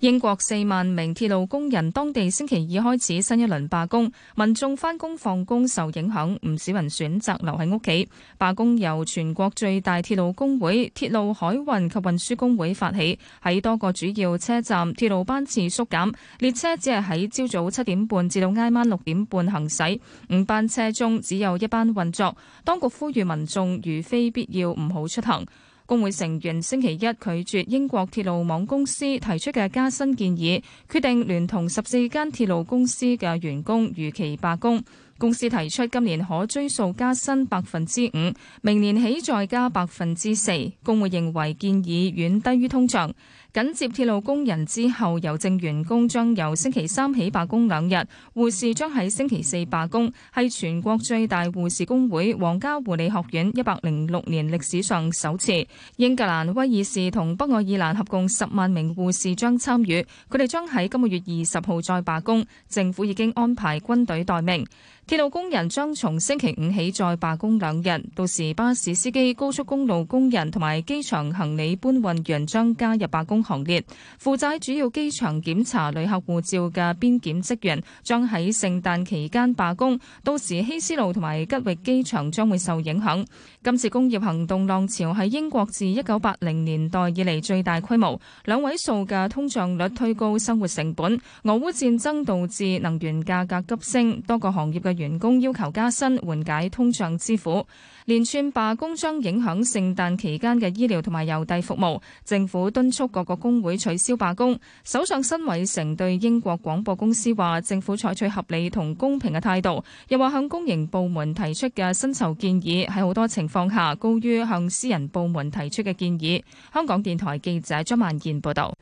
英國四萬名鐵路工人當地星期二開始新一輪罷工，民眾返工放工受影響，唔少人選擇留喺屋企。罷工由全國最大鐵路工會、鐵路海運及運輸工會發起，喺多個主要車站鐵路班次縮減，列車只係喺朝早七點半至到挨晚六點半行駛，五班車中只有一班運作。當局呼籲民眾如非必要唔好出行。工會成員星期一拒絕英國鐵路網公司提出嘅加薪建議，決定聯同十四間鐵路公司嘅員工如期罷工。公司提出今年可追溯加薪百分之五，明年起再加百分之四。工會認為建議遠低於通脹。緊接鐵路工人之後，郵政員工將由星期三起罷工兩日，護士將喺星期四罷工，係全國最大護士工會皇家護理學院一百零六年歷史上首次。英格蘭、威爾士同北愛爾蘭合共十萬名護士將參與，佢哋將喺今個月二十號再罷工。政府已經安排軍隊待命。鐵路工人將從星期五起再罷工兩日，到時巴士司機、高速公路工人同埋機場行李搬運員將加入罷工行列。負責主要機場檢查旅客護照嘅邊檢職員將喺聖誕期間罷工，到時希斯路同埋吉域機場將會受影響。今次工業行動浪潮係英國自一九八零年代以嚟最大規模，兩位數嘅通脹率推高生活成本。俄烏戰爭導致能源價格急升，多個行業嘅員工要求加薪，緩解通脹之苦。連串罷工將影響聖誕期間嘅醫療同埋郵遞服務，政府敦促各個工會取消罷工。首相辛偉成對英國廣播公司話：政府採取合理同公平嘅態度，又話向公營部門提出嘅薪酬建議喺好多情況下高於向私人部門提出嘅建議。香港電台記者張萬健報道。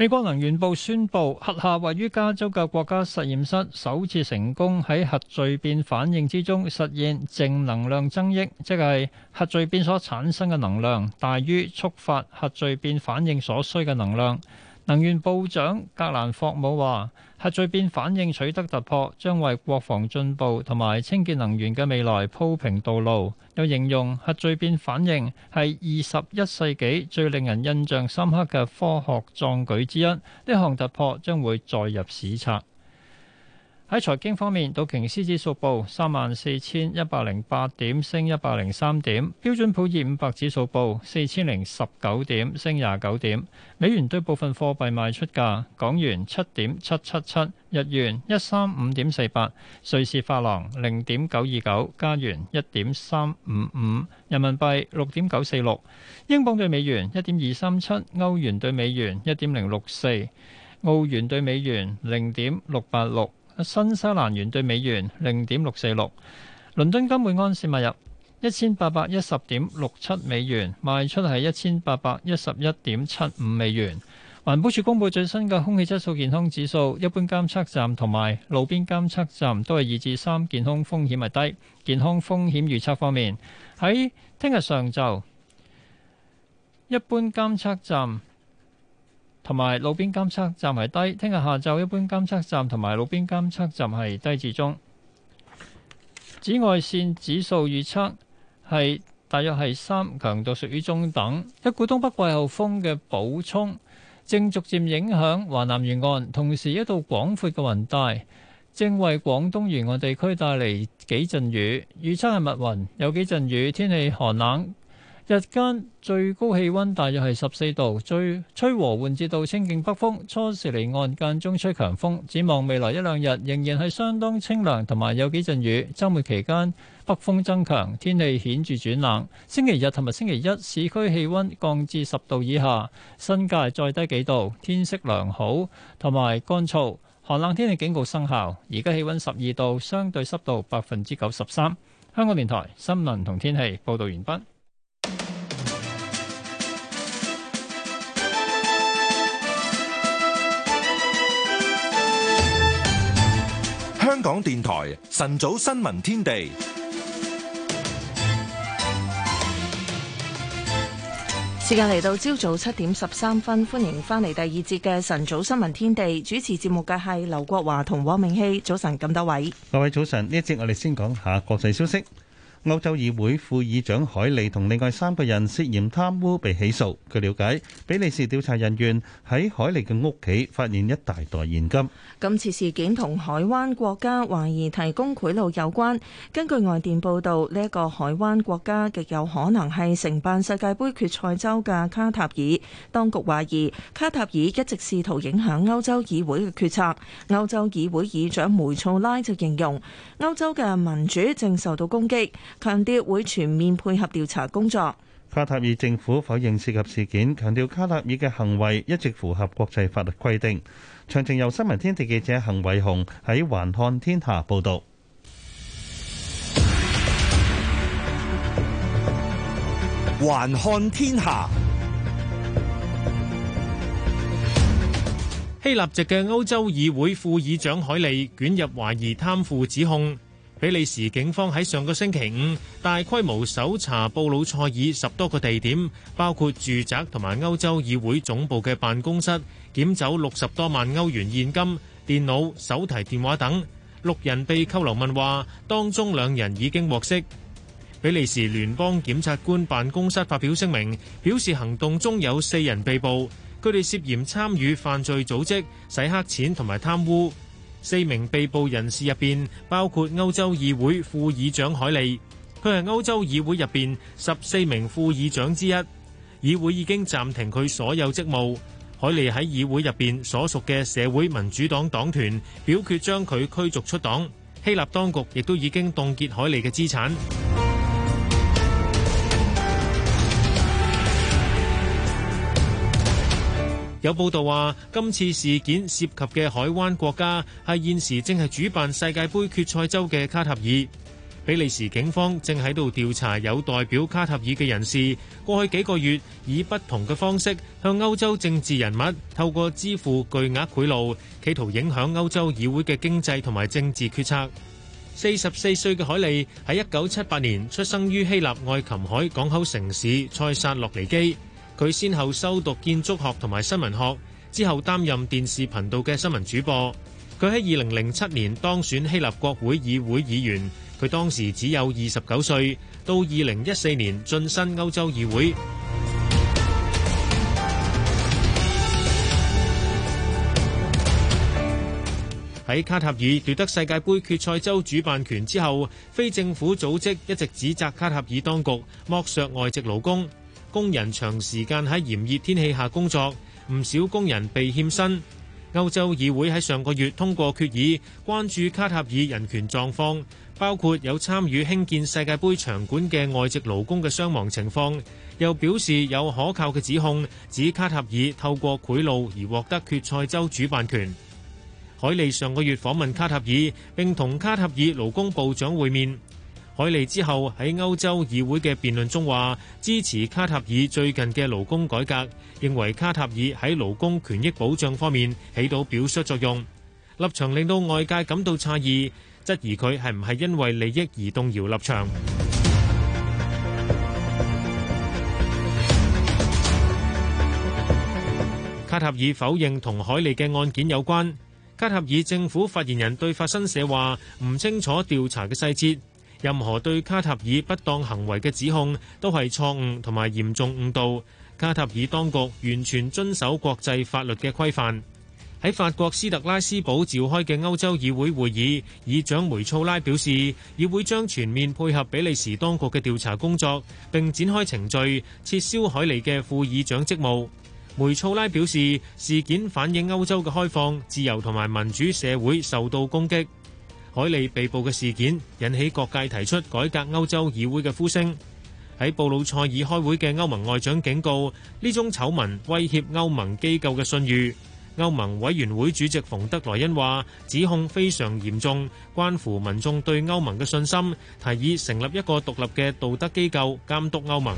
美國能源部宣布，轄下位於加州嘅國家實驗室首次成功喺核聚變反應之中實現淨能量增益，即係核聚變所產生嘅能量大於觸發核聚變反應所需嘅能量。能源部長格蘭霍姆話。核聚變反應取得突破，將為國防進步同埋清潔能源嘅未來鋪平道路。又形容核聚變反應係二十一世紀最令人印象深刻嘅科學壯舉之一。呢項突破將會載入史冊。喺財經方面，道瓊斯指數報三萬四千一百零八點，升一百零三點。標準普爾五百指數報四千零十九點，升廿九點。美元對部分貨幣賣出價：港元七點七七七，日元一三五點四八，瑞士法郎零點九二九，加元一點三五五，人民幣六點九四六，英鎊對美元一點二三七，歐元對美元一點零六四，澳元對美元零點六八六。新西蘭元對美元零點六四六，倫敦金每安士買入一千八百一十點六七美元，賣出係一千八百一十一點七五美元。環保署公布最新嘅空氣質素健康指數，一般監測站同埋路邊監測站都係二至三，健康風險係低。健康風險預測方面，喺聽日上晝，一般監測站。同埋路邊監測站係低，聽日下晝，一般監測站同埋路邊監測站係低至中。紫外線指數預測係大約係三，強度屬於中等。一股東北季候風嘅補充正逐漸影響華南沿岸，同時一道廣闊嘅雲帶正為廣東沿岸地區帶嚟幾陣雨。預測係密雲，有幾陣雨，天氣寒冷。日間最高氣温大約係十四度，最吹和緩至到清勁北風，初時離岸間中吹強風。展望未來一兩日仍然係相當清涼，同埋有幾陣雨。週末期間北風增強，天氣顯著轉冷。星期日同埋星期一市區氣温降至十度以下，新界再低幾度。天色良好同埋乾燥，寒冷天氣警告生效。而家氣温十二度，相對濕度百分之九十三。香港電台新聞同天氣報導完畢。香港電台晨早新聞天地，時間嚟到朝早七點十三分，歡迎翻嚟第二節嘅晨早新聞天地，主持節目嘅係劉國華同黃明熙。早晨咁多位，各位早晨，呢一節我哋先講下國際消息。歐洲議會副議長海利同另外三個人涉嫌貪污被起訴。據了解，比利時調查人員喺海利嘅屋企發現一大袋現金。今次事件同海灣國家懷疑提供賄賂有關。根據外電報道，呢一個海灣國家極有可能係承辦世界盃決賽周嘅卡塔爾。當局懷疑卡塔爾一直試圖影響歐洲議會嘅決策。歐洲議會議長梅措拉就形容，歐洲嘅民主正受到攻擊。強調會全面配合調查工作。卡塔爾政府否認涉及事件，強調卡塔爾嘅行為一直符合國際法律規定。詳情由新聞天地記者恒偉雄喺《環看天下》報道。環看天下。希臘籍嘅歐洲議會副議長海利捲入懷疑貪腐指控。比利時警方喺上個星期五大規模搜查布魯塞爾十多個地點，包括住宅同埋歐洲議會總部嘅辦公室，檢走六十多萬歐元現金、電腦、手提電話等。六人被扣留問話，當中兩人已經獲釋。比利時聯邦檢察官辦公室發表聲明，表示行動中有四人被捕，佢哋涉嫌參與犯罪組織、洗黑錢同埋貪污。四名被捕人士入邊包括歐洲議會副議長海利，佢係歐洲議會入邊十四名副議長之一。議會已經暫停佢所有職務。海利喺議會入邊所屬嘅社會民主黨黨團表決將佢驅逐出黨。希臘當局亦都已經凍結海利嘅資產。有報道話，今次事件涉及嘅海灣國家係現時正係主辦世界盃決賽周嘅卡塔爾。比利時警方正喺度調查有代表卡塔爾嘅人士過去幾個月以不同嘅方式向歐洲政治人物透過支付巨額賄賂，企圖影響歐洲議會嘅經濟同埋政治決策。四十四歲嘅海利喺一九七八年出生於希臘愛琴海港口城市塞薩洛尼基。佢先後修讀建築學同埋新聞學，之後擔任電視頻道嘅新聞主播。佢喺二零零七年當選希臘國會議會議員，佢當時只有二十九歲。到二零一四年晉身歐洲議會。喺卡塔爾奪得世界盃決賽周主辦權之後，非政府組織一直指責卡塔爾當局剝削外籍勞工。工人長時間喺炎熱天氣下工作，唔少工人被欠薪。歐洲議會喺上個月通過決議，關注卡塔爾人權狀況，包括有參與興建世界盃場館嘅外籍勞工嘅傷亡情況，又表示有可靠嘅指控指卡塔爾透過賄賂而獲得決賽週主辦權。海利上個月訪問卡塔爾，並同卡塔爾勞工部長會面。海利之後喺歐洲議會嘅辯論中話，支持卡塔爾最近嘅勞工改革，認為卡塔爾喺勞工權益保障方面起到表率作用，立場令到外界感到詫異，質疑佢係唔係因為利益而動搖立場。卡塔爾否認同海利嘅案件有關。卡塔爾政府發言人對法新社話唔清楚調查嘅細節。任何對卡塔爾不當行為嘅指控都係錯誤同埋嚴重誤導。卡塔爾當局完全遵守國際法律嘅規範。喺法國斯特拉斯堡召開嘅歐洲議會會議，議長梅措拉表示，議會將全面配合比利時當局嘅調查工作，並展開程序撤銷海尼嘅副議長職務。梅措拉表示，事件反映歐洲嘅開放、自由同埋民主社會受到攻擊。海利被捕嘅事件引起各界提出改革歐洲議會嘅呼聲。喺布魯塞爾開會嘅歐盟外長警告，呢宗醜聞威脅歐盟機構嘅信譽。歐盟委員會主席馮德萊恩話：指控非常嚴重，關乎民眾對歐盟嘅信心，提議成立一個獨立嘅道德機構監督歐盟。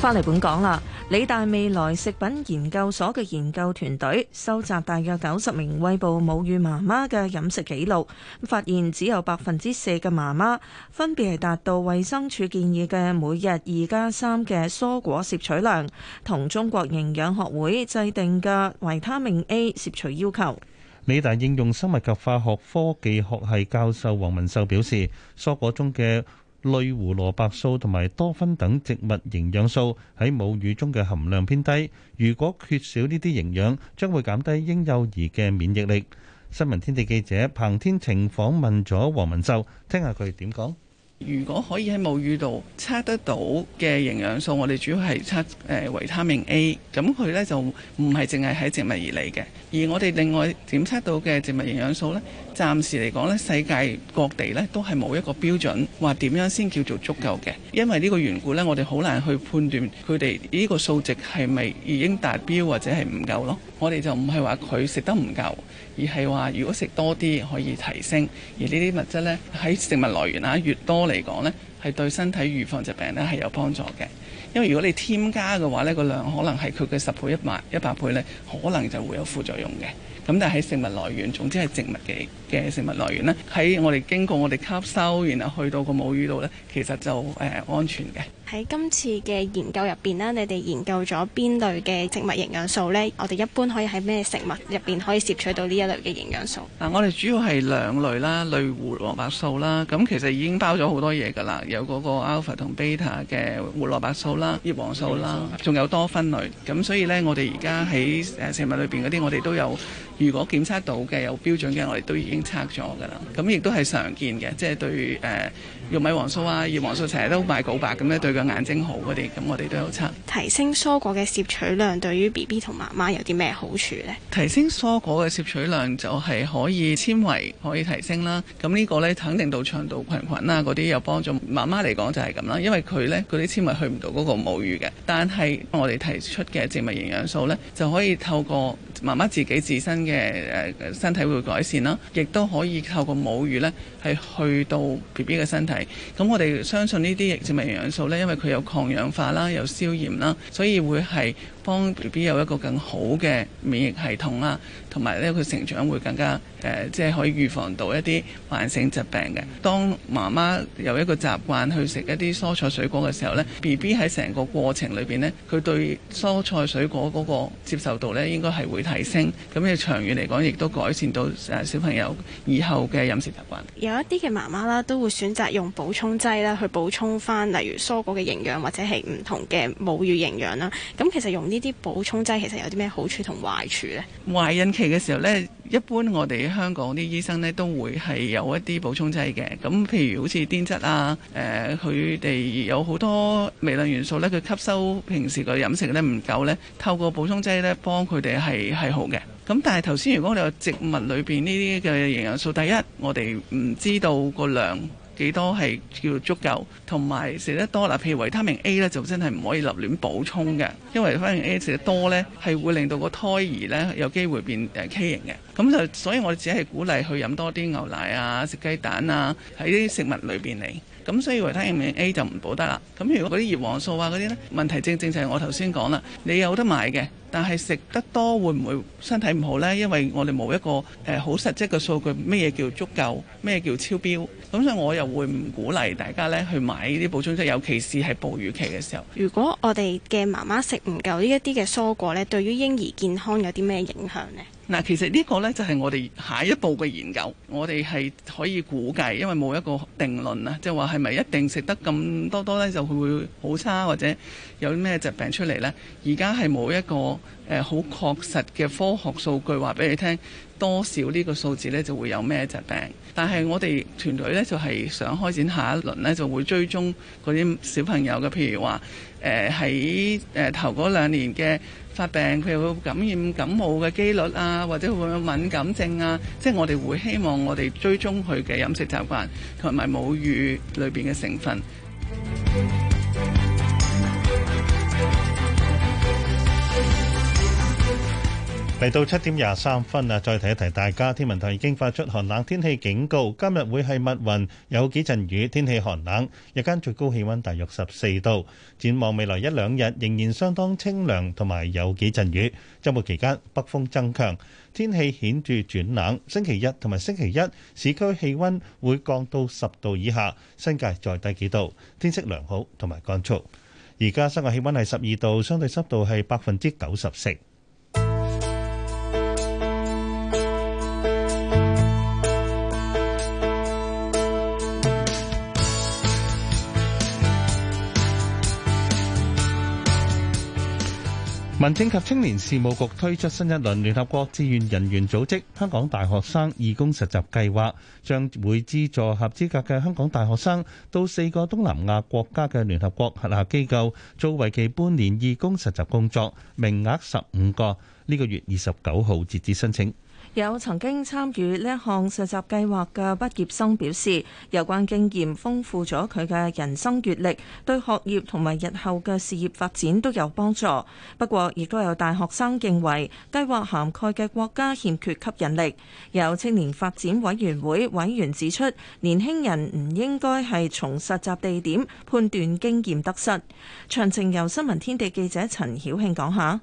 翻嚟本港啦，理大未來食品研究所嘅研究團隊收集大約九十名餵哺母乳媽媽嘅飲食記錄，發現只有百分之四嘅媽媽分別係達到衛生署建議嘅每日二加三嘅蔬果攝取量，同中國營養學會制定嘅維他命 A 攝取要求。理大應用生物及化學科技學系教授黃文秀表示，蔬果中嘅類胡蘿蔔素同埋多酚等植物營養素喺母乳中嘅含量偏低，如果缺少呢啲營養，將會減低嬰幼兒嘅免疫力。新聞天地記者彭天晴訪問咗黃文秀，聽下佢點講。如果可以喺母乳度測得到嘅營養素，我哋主要係測誒維他命 A，咁佢咧就唔係淨係喺植物而嚟嘅。而我哋另外檢測到嘅植物營養素咧，暫時嚟講咧，世界各地咧都係冇一個標準話點樣先叫做足夠嘅。因為呢個緣故咧，我哋好難去判斷佢哋呢個數值係咪已經達標或者係唔夠咯。我哋就唔係話，佢食得唔夠。而係話，如果食多啲可以提升，而呢啲物質呢，喺食物來源啊，越多嚟講呢係對身體預防疾病呢係有幫助嘅。因為如果你添加嘅話呢個量可能係佢嘅十倍、一百、一百倍呢可能就會有副作用嘅。咁但係喺食物來源，總之係植物嘅嘅食物來源呢喺我哋經過我哋吸收，然後去到個母乳度呢，其實就誒、呃、安全嘅。喺今次嘅研究入邊啦，你哋研究咗邊類嘅植物營養素咧？我哋一般可以喺咩食物入邊可以攝取到呢一類嘅營養素？嗱、啊，我哋主要係兩類啦，類胡蘿蔔素啦，咁其實已經包咗好多嘢噶啦，有嗰個 alpha 同 beta 嘅胡蘿蔔素啦、葉黃素啦，仲有多酚類。咁所以咧，我哋而家喺誒食物裏邊嗰啲，我哋都有，如果檢測到嘅有標準嘅，我哋都已經測咗噶啦。咁亦都係常見嘅，即係對誒。呃玉米黃素啊，葉黃素成日都賣古白咁咧，對個眼睛好嗰啲，咁我哋都有測。提升蔬果嘅攝取量對於 BB 同媽媽有啲咩好處呢？提升蔬果嘅攝取量就係可以纖維可以提升啦。咁呢個呢，肯定到腸道菌菌啊嗰啲有幫助。媽媽嚟講就係咁啦，因為佢呢，嗰啲纖維去唔到嗰個母乳嘅。但係我哋提出嘅植物營養素呢，就可以透過。媽媽自己自身嘅誒身體會改善啦，亦都可以透過母乳咧，係去到 BB 嘅身體。咁我哋相信呢啲疫植物營養素咧，因為佢有抗氧化啦，有消炎啦，所以會係。幫 B B 有一個更好嘅免疫系統啦，同埋咧佢成長會更加誒、呃，即係可以預防到一啲慢性疾病嘅。當媽媽有一個習慣去食一啲蔬菜水果嘅時候呢，B B 喺成個過程裏邊呢，佢對蔬菜水果嗰個接受度呢，應該係會提升。咁要長遠嚟講，亦都改善到小朋友以後嘅飲食習慣。有一啲嘅媽媽啦，都會選擇用補充劑啦，去補充翻，例如蔬果嘅營養或者係唔同嘅母乳營養啦。咁其實用呢啲補充劑其實有啲咩好處同壞處呢？懷孕期嘅時候呢，一般我哋香港啲醫生呢都會係有一啲補充劑嘅。咁譬如好似碘質啊，誒佢哋有好多微量元素呢，佢吸收平時個飲食呢唔夠呢，透過補充劑呢幫佢哋係係好嘅。咁但係頭先，如果你話植物裏邊呢啲嘅營養素，第一我哋唔知道個量。幾多係叫足夠，同埋食得多嗱？譬如維他命 A 咧，就真係唔可以立亂補充嘅，因為維他命 A 食得多咧，係會令到個胎兒咧有機會變畸形嘅。咁就所以我哋只係鼓勵去飲多啲牛奶啊，食雞蛋啊，喺啲食物裏邊嚟。咁所以維他命 A 就唔補得啦。咁如果嗰啲葉黃素啊嗰啲咧，問題正正就係我頭先講啦，你有得買嘅，但係食得多會唔會身體唔好咧？因為我哋冇一個誒好實質嘅數據，咩嘢叫足夠，咩嘢叫超標。咁、嗯、所以我又會唔鼓勵大家咧去買呢啲補充劑，尤其是係哺乳期嘅時候。如果我哋嘅媽媽食唔夠呢一啲嘅蔬果咧，對於嬰兒健康有啲咩影響呢？嗱，其實呢個呢就係、是、我哋下一步嘅研究，我哋係可以估計，因為冇一個定論啊，即係話係咪一定食得咁多多呢，就會好差或者有咩疾病出嚟呢。而家係冇一個誒好確實嘅科學數據話俾你聽，多少呢個數字呢就會有咩疾病？但係我哋團隊咧就係、是、想開展下一輪咧，就會追蹤嗰啲小朋友嘅，譬如話誒喺誒頭嗰兩年嘅發病，佢會感染感冒嘅幾率啊，或者會有敏感症啊，即係我哋會希望我哋追蹤佢嘅飲食習慣同埋母乳裏邊嘅成分。嚟到七點廿三分啦，再提一提大家。天文台已經發出寒冷天氣警告，今日會係密雲，有幾陣雨，天氣寒冷。日間最高氣温大約十四度。展望未來一兩日，仍然相當清涼同埋有幾陣雨。週末期間北風增強，天氣顯著轉冷。星期一同埋星期一，市區氣温會降到十度以下，新界再低幾度。天色良好同埋乾燥。而家室外氣温係十二度，相對濕度係百分之九十四。民政及青年事務局推出新一輪聯合國志願人員組織香港大學生義工實習計劃，將會資助合資格嘅香港大學生到四個東南亞國家嘅聯合國轄下機構做為期半年義工實習工作，名額十五個，呢個月二十九號截止申請。有曾經參與呢一項實習計劃嘅畢業生表示，有關經驗豐富咗佢嘅人生閱歷，對學業同埋日後嘅事業發展都有幫助。不過，亦都有大學生認為計劃涵蓋嘅國家欠缺吸引力。有青年發展委員會委員指出，年輕人唔應該係從實習地點判斷經驗得失。詳情由新聞天地記者陳曉慶講下。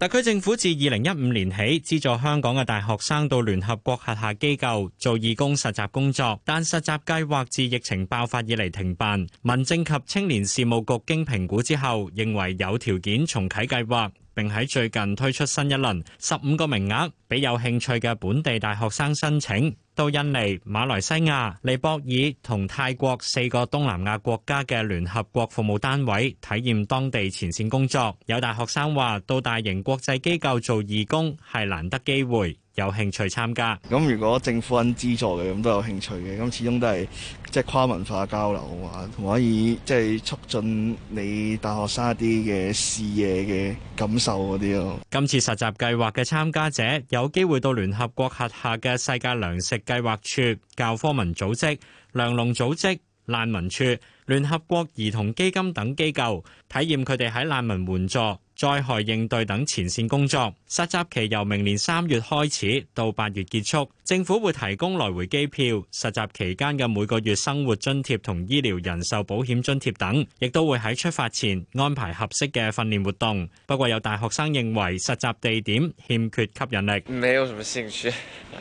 特區政府自二零一五年起資助香港嘅大學生到聯合國轄下機構做義工實習工作，但實習計劃自疫情爆發以嚟停辦。民政及青年事務局經評估之後，認為有條件重啟計劃。並喺最近推出新一輪十五個名額，俾有興趣嘅本地大學生申請，到印尼、馬來西亞、尼泊爾同泰國四個東南亞國家嘅聯合國服務單位體驗當地前線工作。有大學生話，到大型國際機構做義工係難得機會。有興趣參加咁，如果政府肯資助嘅，咁都有興趣嘅。咁始終都係即係跨文化交流啊，同可以即係促進你大學生一啲嘅視野嘅感受嗰啲咯。今次實習計劃嘅參加者有機會到聯合國轄下嘅世界糧食計劃處、教科文組織、糧農組織、難民處、聯合國兒童基金等機構體驗佢哋喺難民援助災害應對等前線工作，實習期由明年三月開始到八月結束。政府會提供來回機票、實習期間嘅每個月生活津貼同醫療人壽保險津貼等，亦都會喺出發前安排合適嘅訓練活動。不過有大學生認為實習地點欠缺吸引力，沒有什麼興趣，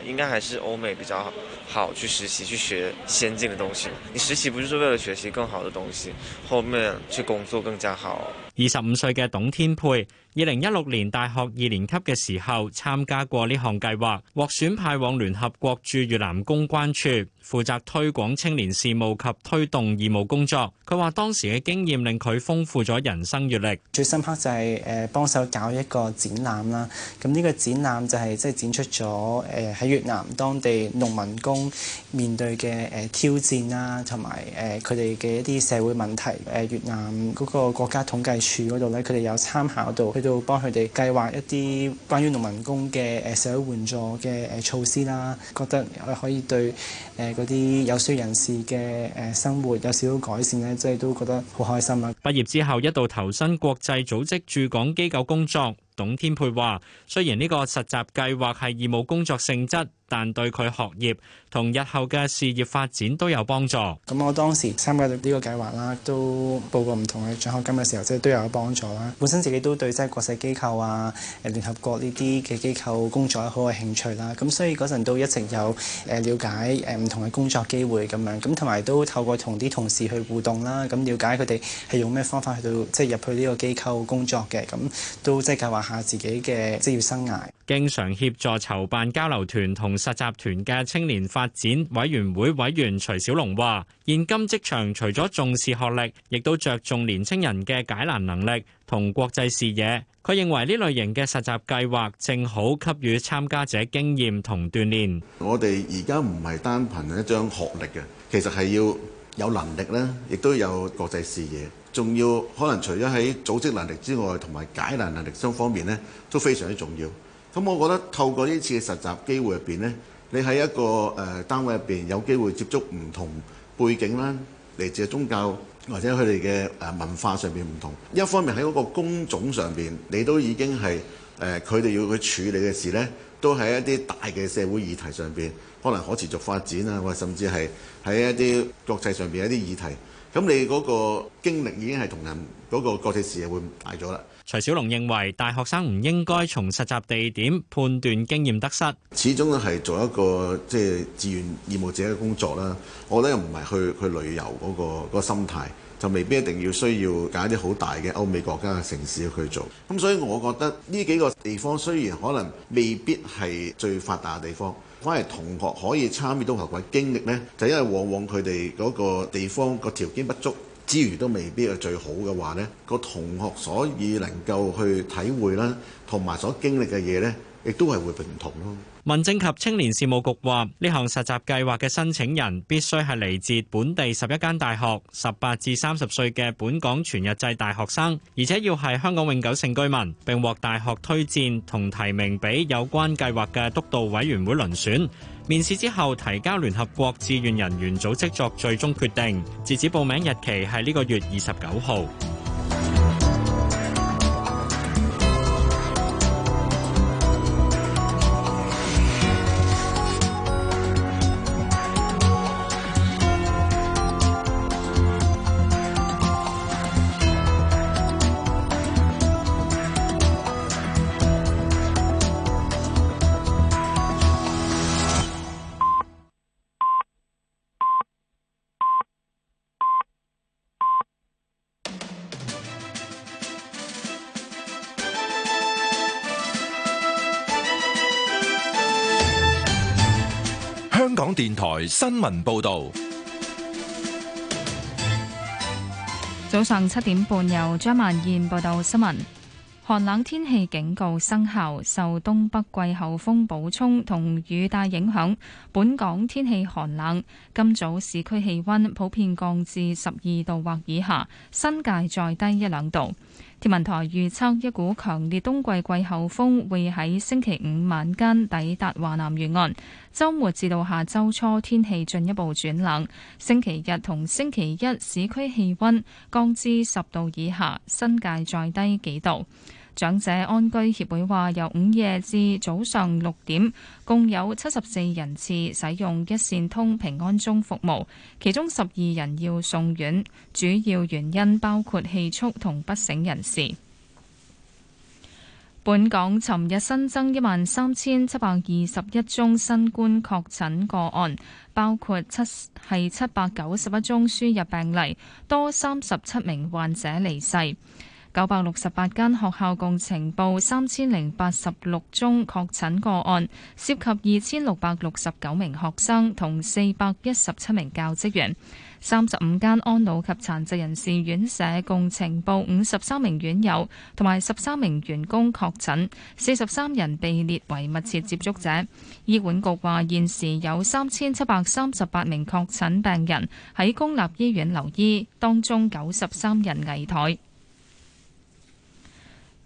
應該還是歐美比較好，好去實習去學先進嘅東西。你實習不就是為了學習更好的東西，後面去工作更加好？二十五歲嘅董天沛，二零一六年大學二年級嘅時候參加過呢項計劃，獲選派往聯合國駐越南公關處，負責推廣青年事務及推動義務工作。佢話當時嘅經驗令佢豐富咗人生閱歷。最深刻就係誒幫手搞一個展覽啦，咁呢個展覽就係即係展出咗誒喺越南當地農民工面對嘅誒挑戰啦，同埋誒佢哋嘅一啲社會問題。誒越南嗰個國家統計處嗰度咧，佢哋有參考到，去到幫佢哋計劃一啲關於農民工嘅誒社會援助嘅誒措施啦，覺得可以對誒嗰啲有需要人士嘅誒生活有少少改善咧，即係都覺得好開心啦。畢業之後一度投身國際組織駐港機構工作。董天沛話：雖然呢個實習計劃係義務工作性質，但對佢學業同日後嘅事業發展都有幫助。咁我當時參加呢個計劃啦，都報過唔同嘅獎學金嘅時候，即係都有幫助啦。本身自己都對即係、就是、國際機構啊、聯合國呢啲嘅機構工作好有興趣啦。咁所以嗰陣都一直有誒了解誒唔同嘅工作機會咁樣，咁同埋都透過同啲同事去互動啦，咁了解佢哋係用咩方法去到即係入去呢個機構工作嘅，咁都即係計劃下自己嘅職業生涯，經常協助籌辦交流團同實習團嘅青年發展委員會委員徐小龍話：現今職場除咗重視學歷，亦都着重年青人嘅解難能力同國際視野。佢認為呢類型嘅實習計劃正好給予參加者經驗同鍛鍊。我哋而家唔係單憑一張學歷嘅，其實係要有能力啦，亦都有國際視野。仲要可能除咗喺組織能力之外，同埋解難能力雙方面咧都非常之重要。咁、嗯、我覺得透過呢次嘅實習機會入邊咧，你喺一個誒、呃、單位入邊有機會接觸唔同背景啦，嚟自宗教或者佢哋嘅誒文化上面唔同。一方面喺嗰個工種上邊，你都已經係誒佢哋要去處理嘅事咧，都係一啲大嘅社會議題上邊，可能可持續發展啊，或者甚至係喺一啲國際上邊一啲議題。咁你嗰個經歷已經係同人嗰個國際視野會大咗啦。徐小龍認為大學生唔應該從實習地點判斷經驗得失。始終都係做一個即係志願義務者嘅工作啦。我覺得又唔係去去旅遊嗰個嗰個心態，就未必一定要需要揀啲好大嘅歐美國家嘅城市去做。咁所以我覺得呢幾個地方雖然可能未必係最發達嘅地方。關係同學可以參與到學位經歷呢，就因為往往佢哋嗰個地方個條件不足之餘，都未必係最好嘅話，呢個同學所以能夠去體會啦，同埋所經歷嘅嘢呢。亦都係會唔同咯。民政及青年事務局話，呢項實習計劃嘅申請人必須係嚟自本地十一間大學，十八至三十歲嘅本港全日制大學生，而且要係香港永久性居民，並獲大學推薦同提名俾有關計劃嘅督導委員會遴選面試之後，提交聯合國志願人員組織作最終決定。截止報名日期係呢個月二十九號。新聞報道。早上七點半，由張萬燕報道新聞。寒冷天氣警告生效，受東北季候風補充同雨帶影響，本港天氣寒冷。今早市區氣温普遍降至十二度或以下，新界再低一兩度。天文台預測，一股強烈冬季季候風會喺星期五晚間抵達華南沿岸，週末至到下周初天氣進一步轉冷，星期日同星期一市區氣温降至十度以下，新界再低幾度。長者安居協會話：由午夜至早上六點，共有七十四人次使用一線通平安鐘服務，其中十二人要送院，主要原因包括氣促同不省人事。本港尋日新增一萬三千七百二十一宗新冠確診個案，包括七係七百九十一宗輸入病例，多三十七名患者離世。九百六十八間學校共呈報三千零八十六宗確診個案，涉及二千六百六十九名學生同四百一十七名教職員。三十五間安老及殘疾人士院舍共呈報五十三名院友同埋十三名員工確診，四十三人被列為密切接觸者。醫管局話，現時有三千七百三十八名確診病人喺公立醫院留醫，當中九十三人危殆。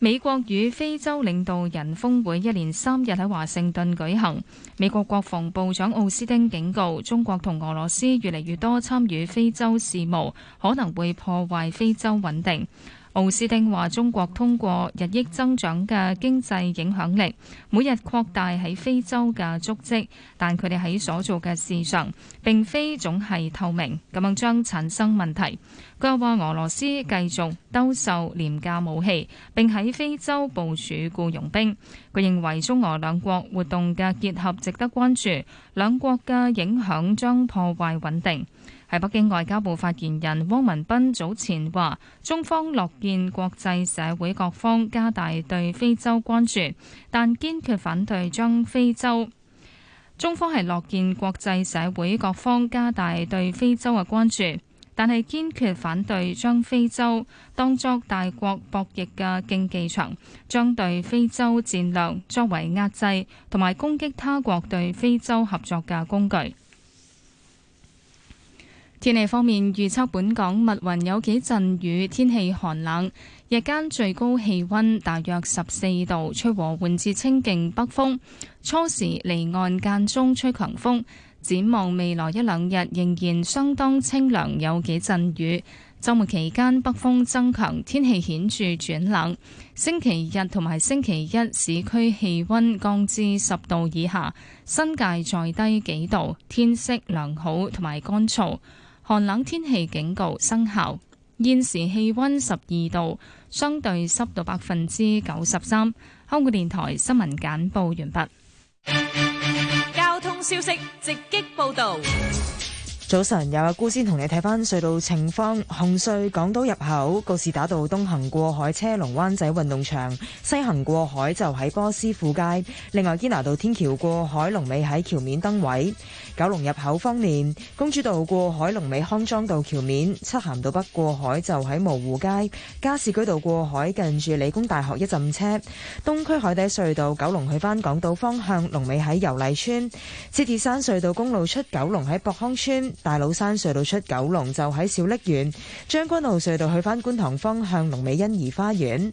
美國與非洲領導人峰會一連三日喺華盛頓舉行。美國國防部長奧斯汀警告，中國同俄羅斯越嚟越多參與非洲事務，可能會破壞非洲穩定。奧斯汀話：中國通過日益增長嘅經濟影響力，每日擴大喺非洲嘅足跡，但佢哋喺所做嘅事上並非總係透明，咁樣將產生問題。佢又話：俄羅斯繼續兜售廉價武器，並喺非洲部署僱傭兵。佢認為中俄兩國活動嘅結合值得關注，兩國嘅影響將破壞穩定。喺北京外交部發言人汪文斌早前話，中方樂見國際社會各方加大對非洲關注，但堅決反對將非洲。中方係樂見國際社會各方加大對非洲嘅關注，但係堅決反對將非洲當作大國博弈嘅競技場，將對非洲戰略作為壓制同埋攻擊他國對非洲合作嘅工具。天氣方面預測，本港密雲有幾陣雨，天氣寒冷，日間最高氣溫大約十四度，吹和緩至清勁北風，初時離岸間中吹強風。展望未來一兩日仍然相當清涼，有幾陣雨。週末期間北風增強，天氣顯著轉冷。星期日同埋星期一市區氣溫降至十度以下，新界再低幾度，天色良好同埋乾燥。寒冷天氣警告生效，現時氣温十二度，相對濕度百分之九十三。香港電台新聞簡報完畢。交通消息直擊報導。早晨，有阿姑先同你睇返隧道情況。紅隧港島入口，告士打道東行過海車龍灣仔運動場，西行過海就喺波斯富街，另外，堅拿道天橋過海龍尾喺橋面燈位。九龍入口方面，公主道過海，龍尾康莊道橋面；漆咸道北過海就喺蕪湖街，加士居道過海近住理工大學一浸車。東區海底隧道九龍去返港島方向，龍尾喺油麗邨；獅子山隧道公路出九龍喺博康村，大老山隧道出九龍就喺小瀝源。將軍澳隧道去翻觀塘方向，龍尾欣怡花園。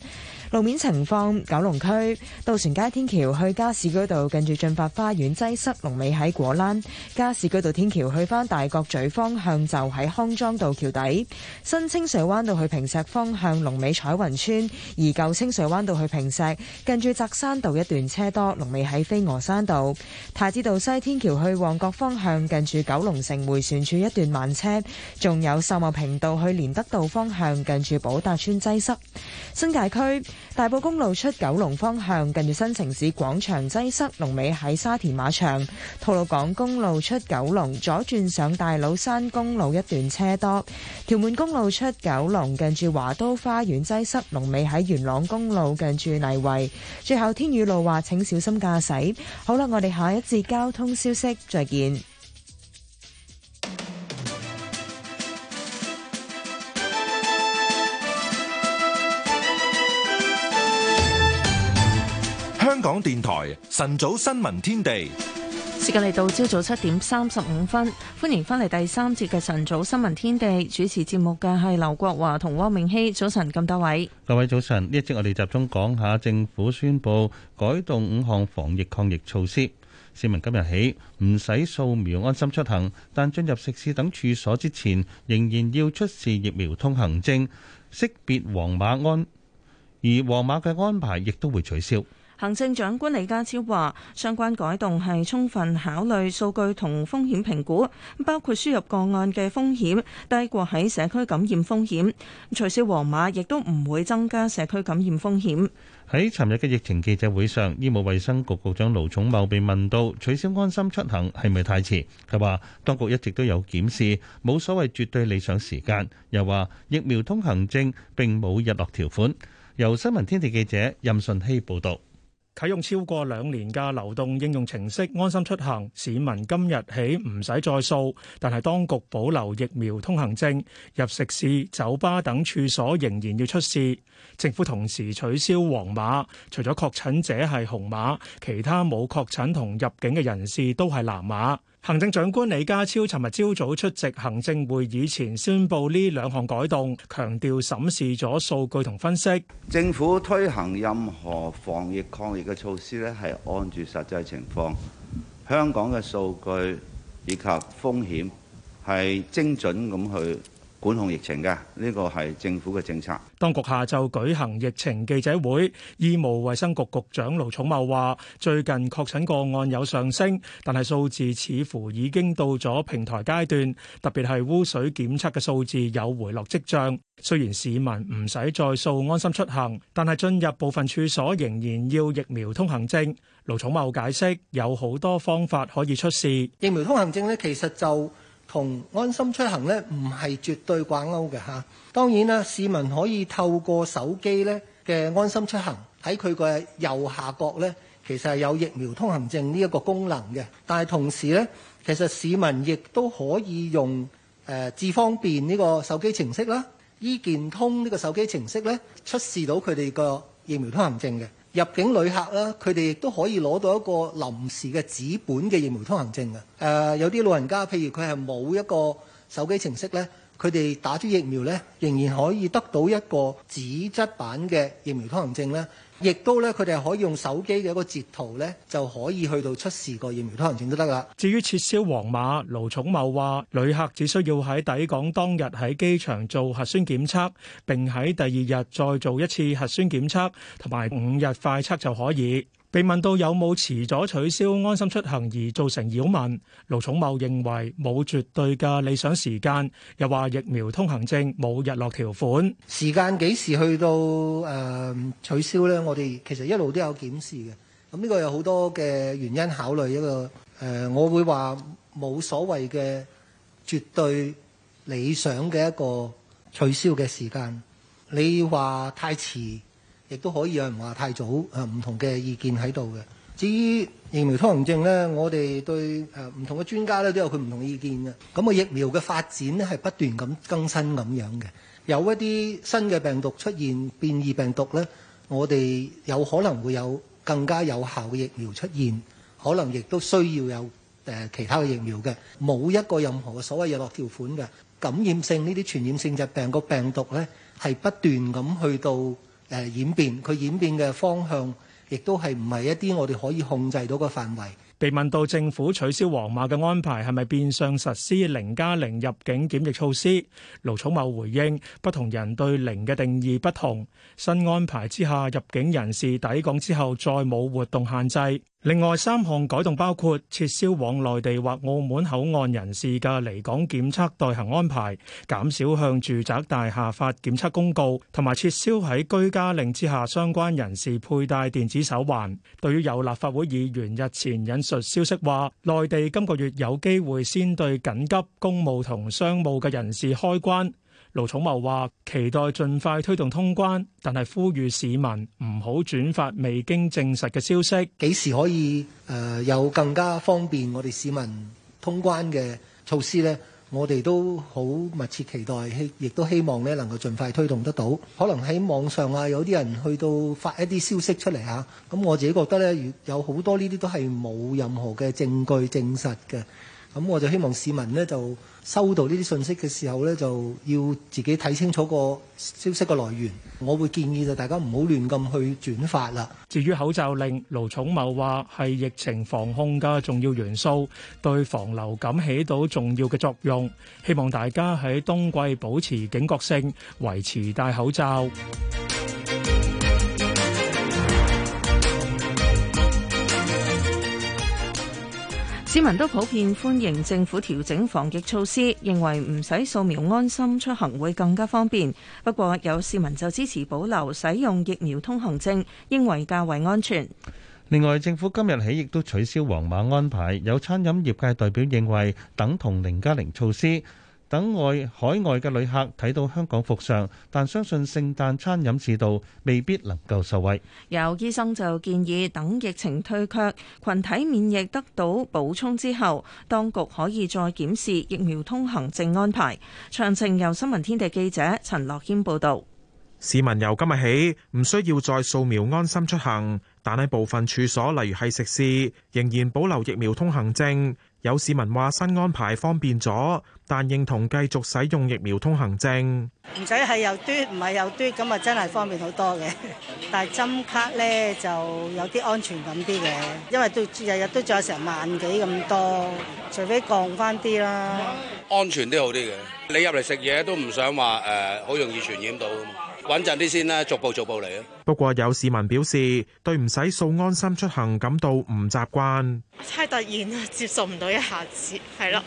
路面情況，九龍區渡船街天橋去加士居道近住進發花園擠塞，龍尾喺果欄；加士居道天橋去返大角咀方向就喺康莊道橋底；新清水灣道去坪石方向龍尾彩雲村，而舊清水灣道去坪石近住澤山道一段車多，龍尾喺飛鵝山道；太子道西天橋去旺角方向近住九龍城迴旋處一段慢車，仲有秀茂坪道去連德道方向近住寶達邨擠塞；新界區。大埔公路出九龍方向，近住新城市廣場擠塞，龍尾喺沙田馬場；吐露港公路出九龍左轉上大老山公路一段車多；屯門公路出九龍近住華都花園擠塞，龍尾喺元朗公路近住泥圍；最後天雨路滑請小心駕駛。好啦，我哋下一節交通消息再見。香港電台晨早新聞天地，時間嚟到朝早七點三十五分，歡迎翻嚟第三節嘅晨早新聞天地，主持節目嘅係劉國華同汪明熙。早晨，咁多位，各位早晨，呢一節我哋集中講下政府宣布改動五項防疫抗疫措施，市民今日起唔使掃描安心出行，但進入食肆等處所之前，仍然要出示疫苗通行證，識別黃碼安，而黃碼嘅安排亦都會取消。行政長官李家超話：相關改動係充分考慮數據同風險評估，包括輸入個案嘅風險低過喺社區感染風險。取消黃碼亦都唔會增加社區感染風險。喺尋日嘅疫情記者會上，醫務衛生局局長盧寵茂被問到取消安心出行係咪太遲，佢話：當局一直都有檢視，冇所謂絕對理想時間。又話疫苗通行證並冇日落條款。由新聞天地記者任順希報道。啟用超過兩年嘅流動應用程式安心出行，市民今日起唔使再掃，但係當局保留疫苗通行證，入食肆、酒吧等處所仍然要出示。政府同時取消黃碼，除咗確診者係紅碼，其他冇確診同入境嘅人士都係藍碼。行政長官李家超尋日朝早出席行政會議前宣佈呢兩項改動，強調審視咗數據同分析。政府推行任何防疫抗疫嘅措施咧，係按住實際情況、香港嘅數據以及風險，係精準咁去。管控疫情嘅呢個係政府嘅政策。當局下晝舉行疫情記者會，醫務衛生局局長盧寵茂話：最近確診個案有上升，但係數字似乎已經到咗平台階段。特別係污水檢測嘅數字有回落跡象。雖然市民唔使再掃安心出行，但係進入部分處所仍然要疫苗通行證。盧寵茂解釋有好多方法可以出示疫苗通行證呢，其實就同安心出行咧，唔係絕對掛鈎嘅吓。當然啦，市民可以透過手機咧嘅安心出行，喺佢個右下角咧，其實係有疫苗通行證呢一個功能嘅。但係同時咧，其實市民亦都可以用誒至、呃、方便呢個手機程式啦，醫健通呢個手機程式咧，出示到佢哋個疫苗通行證嘅。入境旅客啦，佢哋亦都可以攞到一個臨時嘅紙本嘅疫苗通行證嘅。誒，有啲老人家，譬如佢係冇一個手機程式咧，佢哋打咗疫苗咧，仍然可以得到一個紙質版嘅疫苗通行證咧。亦都咧，佢哋可以用手機嘅一個截圖咧，就可以去到出示個疫苗通行證都得㗎。至於撤銷黃碼，盧寵茂話：旅客只需要喺抵港當日喺機場做核酸檢測，並喺第二日再做一次核酸檢測，同埋五日快測就可以。被問到有冇遲咗取消安心出行而造成擾民，盧寵茂認為冇絕對嘅理想時間，又話疫苗通行證冇日落條款。時間幾時去到誒、呃、取消呢？我哋其實一路都有檢視嘅，咁呢個有好多嘅原因考慮一個誒，我會話冇所謂嘅絕對理想嘅一個取消嘅時間。你話太遲？亦都可以有人話太早，誒、啊、唔同嘅意見喺度嘅。至於疫苗通行證呢，我哋對誒唔、呃、同嘅專家咧都有佢唔同意見嘅。咁、嗯、個疫苗嘅發展咧係不斷咁更新咁樣嘅。有一啲新嘅病毒出現變異病毒呢，我哋有可能會有更加有效嘅疫苗出現，可能亦都需要有誒、呃、其他嘅疫苗嘅。冇一個任何嘅所謂藥落條款嘅感染性呢啲傳染性疾病個病毒呢，係不斷咁去到。誒演變，佢演變嘅方向亦都係唔係一啲我哋可以控制到嘅範圍。被問到政府取消黃碼嘅安排係咪變相實施零加零入境檢疫措施，盧寵茂回應：不同人對零嘅定義不同，新安排之下入境人士抵港之後再冇活動限制。另外三項改動包括撤銷往內地或澳門口岸人士嘅離港檢測代行安排，減少向住宅大廈發檢測公告，同埋撤銷喺居家令之下相關人士佩戴電子手環。對於有立法會議員日前引述消息話，內地今個月有機會先對緊急公務同商務嘅人士開關。盧寵茂話：期待盡快推動通關，但係呼籲市民唔好轉發未經證實嘅消息。幾時可以誒，有更加方便我哋市民通關嘅措施呢？我哋都好密切期待，亦都希望咧，能夠盡快推動得到。可能喺網上啊，有啲人去到發一啲消息出嚟吓，咁我自己覺得呢，有好多呢啲都係冇任何嘅證據證實嘅。咁我就希望市民呢就收到呢啲信息嘅時候呢，就要自己睇清楚個消息嘅來源。我會建議就大家唔好亂咁去轉發啦。至於口罩令，盧寵茂話係疫情防控嘅重要元素，對防流感起到重要嘅作用。希望大家喺冬季保持警覺性，維持戴口罩。市民都普遍歡迎政府調整防疫措施，認為唔使掃描安心出行會更加方便。不過有市民就支持保留使用疫苗通行證，認為較為安全。另外，政府今日起亦都取消黃碼安排，有餐飲業界代表認為等同零加零措施。等外海外嘅旅客睇到香港復常，但相信聖誕餐飲市道未必能夠受惠。有醫生就建議等疫情退卻群體免疫得到補充之後，當局可以再檢視疫苗通行證安排。詳情由新聞天地記者陳樂謙報道。市民由今日起唔需要再掃描安心出行，但係部分處所，例如係食肆，仍然保留疫苗通行證，有市民話新安排方便咗。但認同繼續使用疫苗通行證，唔使係又篤，唔係又篤，咁啊真係方便好多嘅。 但係針卡咧就有啲安全感啲嘅，因為都日日都仲有成萬幾咁多，除非降翻啲啦，安全啲好啲嘅。你入嚟食嘢都唔想話誒，好、呃、容易傳染到，穩陣啲先啦，逐步逐步嚟啊。不過有市民表示，對唔使數安心出行感到唔習慣，太突然啊，接受唔到一下子係啦，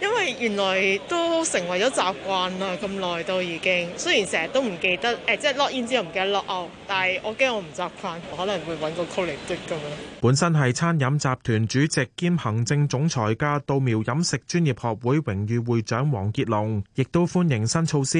為因為原來都成為咗習慣啦，咁耐都已經雖然成日都唔記得誒，即係落 o 之後唔記得落。但係我驚我唔習慣，可能會搵個 c u l p r 咁樣。本身係餐飲集團主席兼行政總裁嘅稻苗飲食專業學會榮譽會長黃傑龍。亦都歡迎新措施，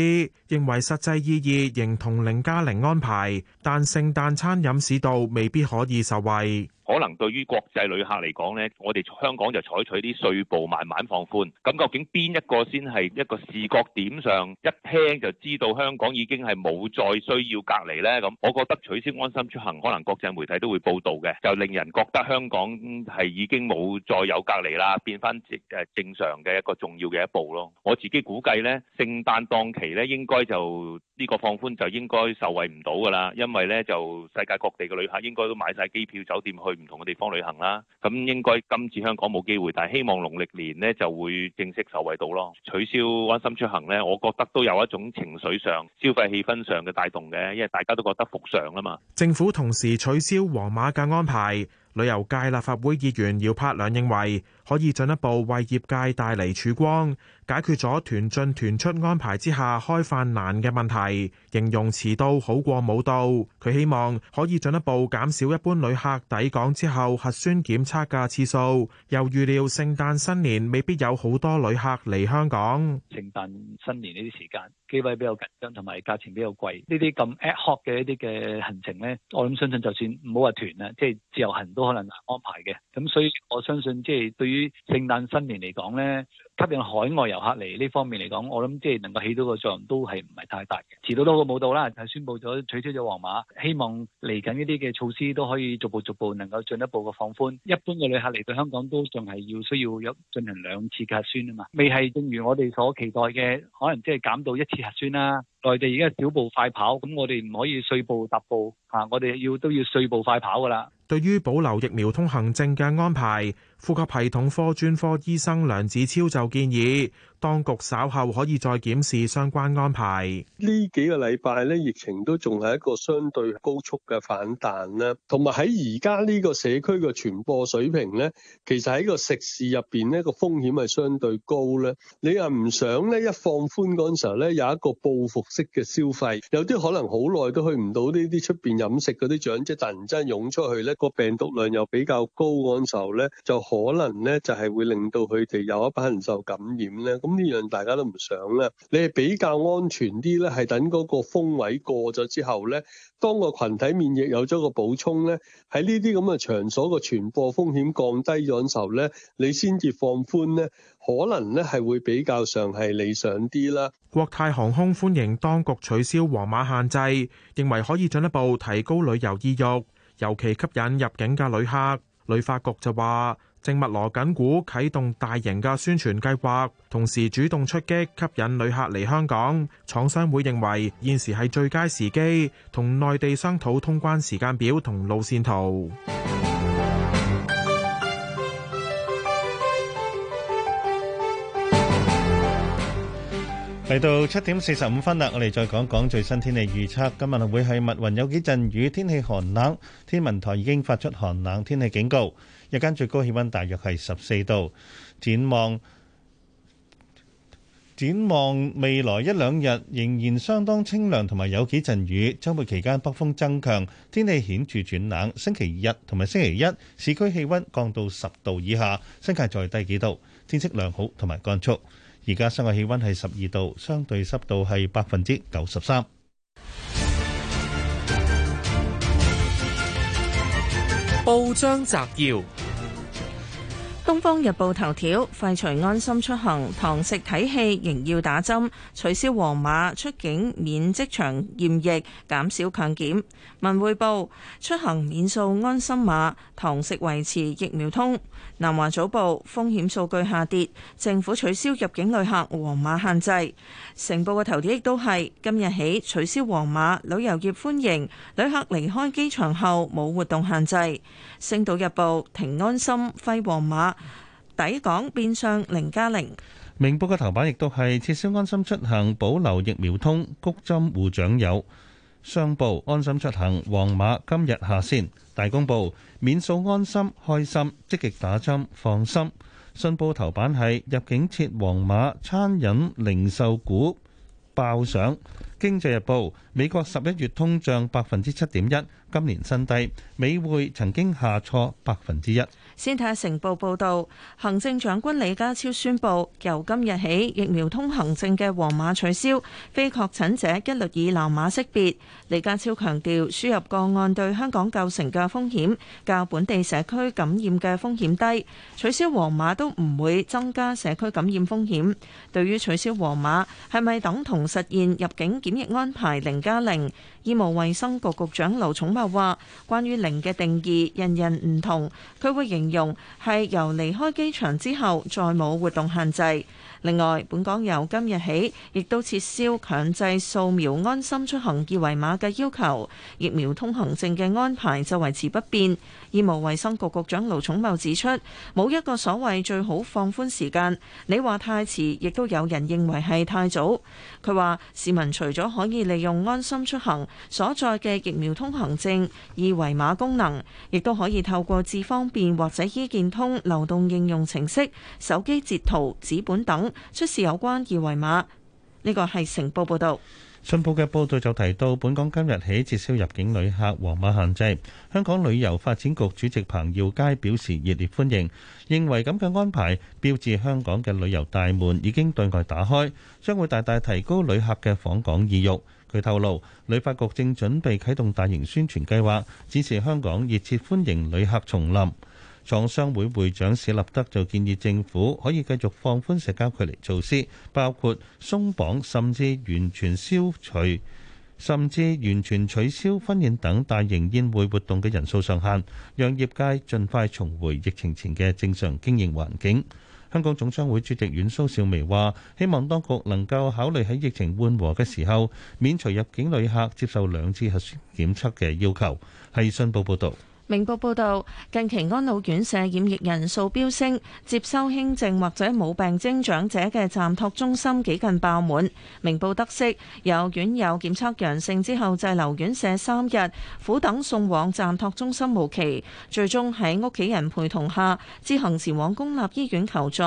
認為實際意義仍同零加零安排，但聖誕餐飲市道未必可以受惠。可能對於國際旅客嚟講咧，我哋香港就採取啲稅步慢慢放寬。咁究竟邊一個先係一個視角點上一聽就知道香港已經係冇再需要隔離呢？咁我覺得取消安心出行，可能國際媒體都會報道嘅，就令人覺得香港係已經冇再有隔離啦，變翻正誒正常嘅一個重要嘅一步咯。我自己估計呢，聖誕檔期咧應該就。呢個放寬就應該受惠唔到㗎啦，因為咧就世界各地嘅旅客應該都買晒機票、酒店去唔同嘅地方旅行啦。咁應該今次香港冇機會，但係希望農曆年呢就會正式受惠到咯。取消安心出行咧，我覺得都有一種情緒上消費氣氛上嘅帶動嘅，因為大家都覺得復常啊嘛。政府同時取消黃碼嘅安排，旅遊界立法會議員姚柏良認為。可以進一步為業界帶嚟曙光，解決咗團進團出安排之下開飯難嘅問題。形容遲到好過冇到，佢希望可以進一步減少一般旅客抵港之後核酸檢測嘅次數。又預料聖誕新年未必有好多旅客嚟香港。聖誕新年呢啲時間機位比較緊張，同埋價錢比較貴。呢啲咁 ad hoc 嘅一啲嘅行程呢，我諗相信就算唔好話團啦，即係自由行都可能安排嘅。咁所以我相信即係對於。對於聖誕新年嚟講咧，吸引海外遊客嚟呢方面嚟講，我諗即係能夠起到個作用都係唔係太大嘅。遲到都好過冇到啦，就宣布咗取消咗黃碼，希望嚟緊呢啲嘅措施都可以逐步逐步能夠進一步嘅放寬。一般嘅旅客嚟到香港都仲係要需要一進行兩次核酸啊嘛，未係正如我哋所期待嘅，可能即係減到一次核酸啦。內地而家小步快跑，咁我哋唔可以碎步踏步吓，我哋要都要碎步快跑噶啦。對於保留疫苗通行證嘅安排，呼吸系統科專科醫生梁子超就建議。當局稍後可以再檢視相關安排。呢幾個禮拜咧，疫情都仲係一個相對高速嘅反彈啦。同埋喺而家呢個社區嘅傳播水平咧，其實喺個食肆入邊呢個風險係相對高咧。你又唔想咧一放寬嗰陣時候咧有一個報復式嘅消費，有啲可能好耐都去唔到呢啲出邊飲食嗰啲長者，突然之間湧出去咧個病毒量又比較高嗰陣時候咧，就可能咧就係會令到佢哋有一班人受感染咧。咁。呢樣大家都唔想啦，你係比較安全啲咧，係等嗰個風位過咗之後咧，當個群體免疫有咗個補充咧，喺呢啲咁嘅場所個傳播風險降低咗嘅時候咧，你先至放寬咧，可能咧係會比較上係理想啲啦。國泰航空歡迎當局取消黃碼限制，認為可以進一步提高旅遊意欲，尤其吸引入境嘅旅客。旅發局就話。聖密鑼緊鼓啟動大型嘅宣傳計劃，同時主動出擊吸引旅客嚟香港。廠商會認為現時係最佳時機，同內地商討通關時間表同路線圖。嚟到七點四十五分啦，我哋再講講最新天氣預測。今日會係密雲，有幾陣雨，天氣寒冷。天文台已經發出寒冷天氣警告。日間最高氣溫大約係十四度。展望展望，未來一兩日仍然相當清涼，同埋有幾陣雨。周末期間北風增強，天氣顯著轉冷。星期二日同埋星期一，市區氣溫降到十度以下，新界再低幾度。天色良好，同埋乾燥。而家室外氣溫係十二度，相對濕度係百分之九十三。報章摘要。《東方日報》頭條：廢除安心出行，堂食睇戲仍要打針；取消黃碼出境免職場驗疫，減少強檢。《文匯報》：出行免掃安心碼，堂食維持疫苗通。《南華早報》：風險數據下跌，政府取消入境旅客黃碼限制。成報嘅頭條亦都係今日起取消黃碼，旅遊業歡迎旅客離開機場後冇活動限制。星島日報、停安心、揮黃碼、抵港變相零加零。明報嘅頭版亦都係撤銷安心出行，保留疫苗通、谷針護長幼。商報安心出行，黃碼今日下線。大公報免掃安心，開心積極打針，放心。信報頭版係入境設黃碼，餐飲零售股爆上。經濟日報美國十一月通脹百分之七點一。今年新低，美匯曾經下挫百分之一。先睇下《成報》報導，行政長官李家超宣布，由今日起疫苗通行證嘅黃碼取消，非確診者一律以藍碼識別。李家超強調，輸入個案對香港構成嘅風險，較本地社區感染嘅風險低，取消黃碼都唔會增加社區感染風險。對於取消黃碼係咪等同實現入境檢疫安排零加零，醫務衛生局局長盧寵茂話：關於零嘅定義，人人唔同，佢會認。用係由離開機場之後，再冇活動限制。另外，本港由今日起，亦都撤銷強制掃描安心出行二維碼嘅要求，疫苗通行證嘅安排就維持不變。醫務衛生局局長盧寵茂指出，冇一個所謂最好放寬時間，你話太遲，亦都有人認為係太早。佢話：市民除咗可以利用安心出行所在嘅疫苗通行證二維碼功能，亦都可以透過智方便或者醫健通流動應用程式、手機截圖、紙本等出示有關二維碼。呢、這個係成報報道。信報嘅報道就提到，本港今日起撤銷入境旅客黃碼限制。香港旅遊發展局主席彭耀佳表示熱烈歡迎，認為咁嘅安排標誌香港嘅旅遊大門已經對外打開，將會大大提高旅客嘅訪港意欲。佢透露，旅發局正準備啟動大型宣傳計劃，展示香港熱切歡迎旅客重臨。創商會會長史立德就建議政府可以繼續放寬社交距離措施，包括鬆綁甚至完全消除，甚至完全取消婚宴等大型宴會活動嘅人數上限，讓業界盡快重回疫情前嘅正常經營環境。香港總商會主席阮蘇少薇話：希望當局能夠考慮喺疫情緩和嘅時候，免除入境旅客接受兩次核酸檢測嘅要求。係信報報道。明報報道，近期安老院舍染疫人數飆升，接收輕症或者冇病徵長者嘅暫託中心幾近爆滿。明報得悉，有院友檢測陽性之後滯留院舍三日，苦等送往暫託中心無期，最終喺屋企人陪同下自行前往公立醫院求助。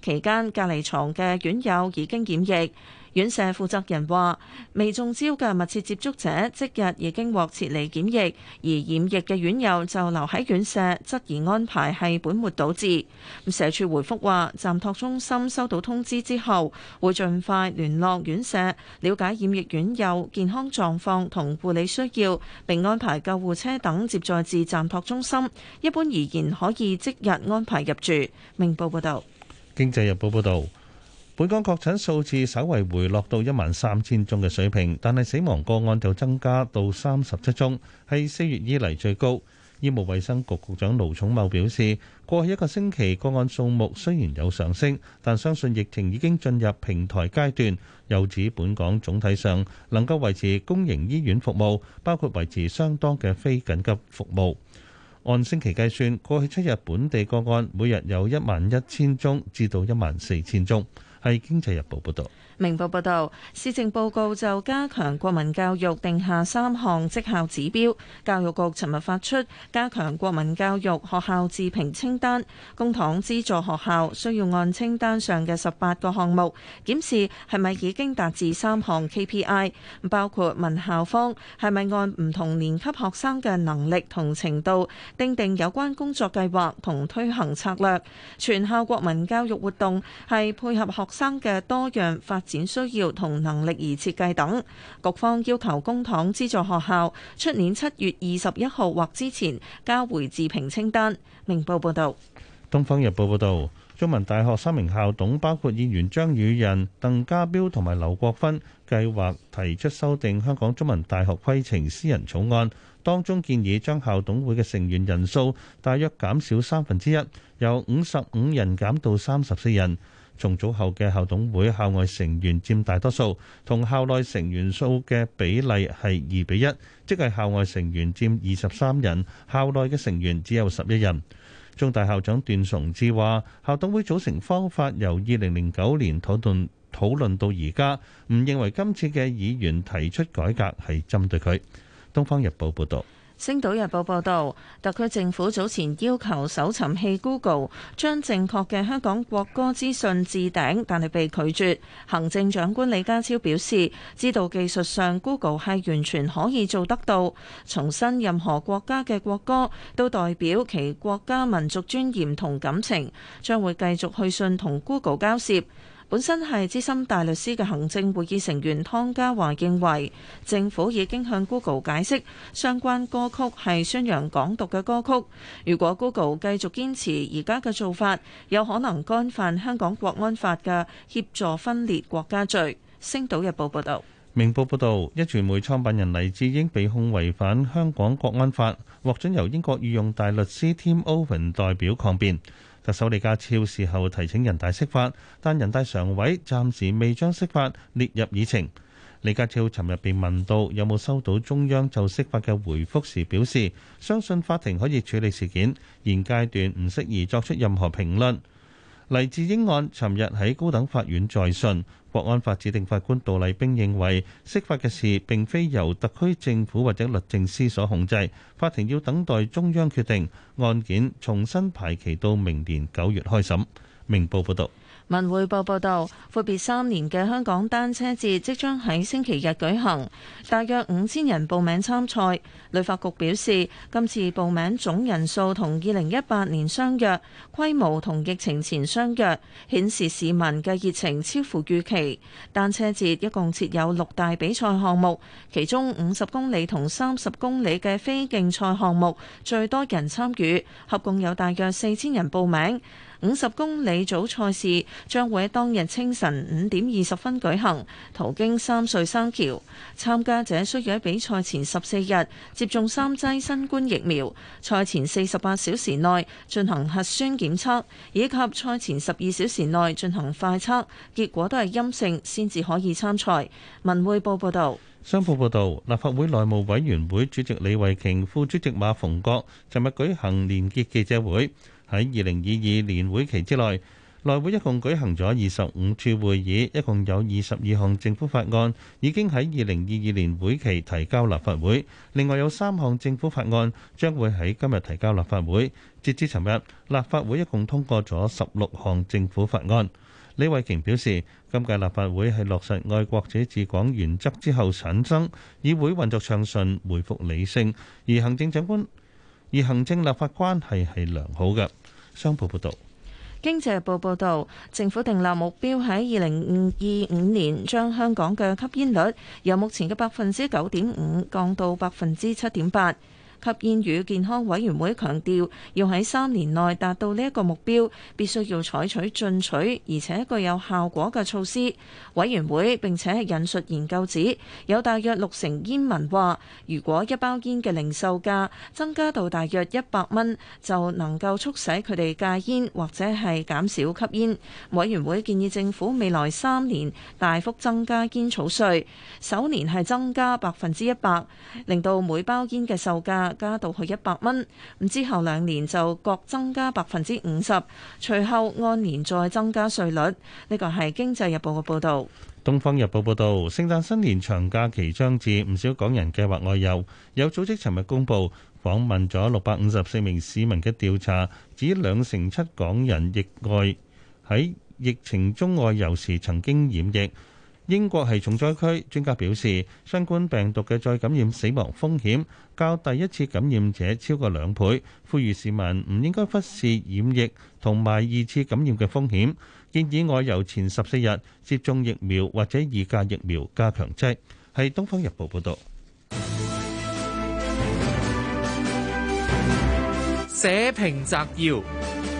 期間隔離床嘅院友已經檢疫。院舍負責人話，未中招嘅密切接觸者即日已經獲撤離檢疫，而染疫嘅院友就留喺院舍，質疑安排係本末倒置。咁社署回覆話，暫托中心收到通知之後會盡快聯絡院舍，了解染疫院友健康狀況同護理需要，並安排救護車等接載至暫托中心。一般而言，可以即日安排入住。明報報道。經濟日報報道。本港確診數字稍為回落到一萬三千宗嘅水平，但係死亡個案就增加到三十七宗，係四月以嚟最高。醫務衛生局局長盧寵茂表示，過去一個星期個案數目雖然有上升，但相信疫情已經進入平台階段。又指本港總體上能夠維持公營醫院服務，包括維持相當嘅非緊急服務。按星期計算，過去七日本地個案每日有一萬一千宗至到一萬四千宗。係《經濟日報》報道。明報報道，施政報告就加強國民教育定下三項績效指標，教育局尋日發出加強國民教育學校自評清單，公帑資助學校需要按清單上嘅十八個項目檢視係咪已經達至三項 KPI，包括問校方係咪按唔同年級學生嘅能力同程度定定有關工作計劃同推行策略，全校國民教育活動係配合學生嘅多樣發展。展需要同能力而設計等，局方要求公帑資助學校出年七月二十一號或之前交回自評清單，明報報道。東方日報報道，中文大學三名校董包括議員張宇人、鄧家彪同埋劉國勳，計劃提出修訂香港中文大學規程私人草案，當中建議將校董會嘅成員人數大約減少三分之一，由五十五人減到三十四人。重組後嘅校董會校外成員佔大多數，同校內成員數嘅比例係二比一，即係校外成員佔二十三人，校內嘅成員只有十一人。中大校長段崇智話：校董會組成方法由二零零九年討論討論到而家，唔認為今次嘅議員提出改革係針對佢。東方日報報道。《星島日報》報導，特區政府早前要求搜尋器 Google 將正確嘅香港國歌資訊置頂，但係被拒絕。行政長官李家超表示，知道技術上 Google 係完全可以做得到，重申任何國家嘅國歌都代表其國家民族尊嚴同感情，將會繼續去信同 Google 交涉。本身係資深大律師嘅行政會議成員湯家驊認為，政府已經向 Google 解釋相關歌曲係宣揚港獨嘅歌曲。如果 Google 繼續堅持而家嘅做法，有可能干犯香港國安法嘅協助分裂國家罪。星島日報報道：「明報報道，壹傳媒創辦人黎智英被控違反香港國安法，獲准由英國御用大律師 Tim Owen 代表抗辯。」特首李家超事後提請人大釋法，但人大常委暫時未將釋法列入議程。李家超尋日被問到有冇收到中央就釋法嘅回覆時，表示相信法庭可以處理事件，現階段唔適宜作出任何評論。黎智英案，尋日喺高等法院再訊，國安法指定法官杜麗冰認為，釋法嘅事並非由特區政府或者律政司所控制，法庭要等待中央決定，案件重新排期到明年九月開審。明報報道。文匯報報道，闊別三年嘅香港單車節即將喺星期日舉行，大約五千人報名參賽。旅發局表示，今次報名總人數同二零一八年相若，規模同疫情前相若，顯示市民嘅熱情超乎預期。單車節一共設有六大比賽項目，其中五十公里同三十公里嘅非競賽項目最多人參與，合共有大約四千人報名。五十公里組賽事將會喺當日清晨五點二十分舉行，途經三隧三橋，參加者需要喺比賽前十四日接種三劑新冠疫苗，賽前四十八小時內進行核酸檢測，以及賽前十二小時內進行快測，結果都係陰性先至可以參賽。文匯報報道，商報報道，立法會內務委員會主席李慧瓊、副主席馬逢國尋日舉行連結記者會。喺2022年會期之內，內會一共舉行咗二十五次會議，一共有二十二項政府法案已經喺2022年會期提交立法會。另外有三項政府法案將會喺今日提交立法會。截至尋日，立法會一共通過咗十六項政府法案。李慧瓊表示，今屆立法會係落實愛國者治港原則之後產生，議會運作暢順，回復理性，而行政長官而行政立法關係係良好嘅。商報報道，《經濟日報》報道，政府訂立目標喺二零二五年將香港嘅吸煙率由目前嘅百分之九點五降到百分之七點八。吸煙與健康委員會強調，要喺三年內達到呢一個目標，必須要採取進取而且具有效果嘅措施。委員會並且引述研究指，有大約六成煙民話，如果一包煙嘅零售價增加到大約一百蚊，就能夠促使佢哋戒煙或者係減少吸煙。委員會建議政府未來三年大幅增加煙草稅，首年係增加百分之一百，令到每包煙嘅售價，加到去一百蚊，咁之後兩年就各增加百分之五十，隨後按年再增加稅率。呢個係《經濟日報》嘅報導，《東方日報》報導，聖誕新年長假期將至，唔少港人計劃外遊。有組織尋日公布訪問咗六百五十四名市民嘅調查，指兩成七港人疫外喺疫情中外遊時曾經染疫。英國係重災區，專家表示，新冠病毒嘅再感染死亡風險較第一次感染者超過兩倍，呼籲市民唔應該忽視染疫同埋二次感染嘅風險，建議外遊前十四日接種疫苗或者二價疫苗加強劑。係《東方日報》報導。社評摘要。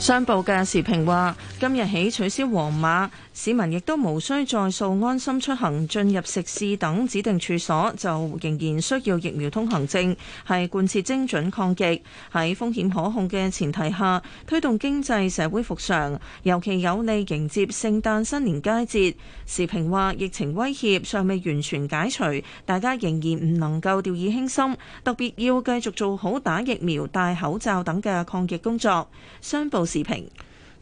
商報嘅時評話：今日起取消黃碼，市民亦都無需再掃安心出行，進入食肆等指定處所就仍然需要疫苗通行證，係貫徹精準抗疫。喺風險可控嘅前提下，推動經濟社會復常，尤其有利迎接聖誕新年佳節。時評話：疫情威脅尚未完全解除，大家仍然唔能夠掉以輕心，特別要繼續做好打疫苗、戴口罩等嘅抗疫工作。商報。視屏，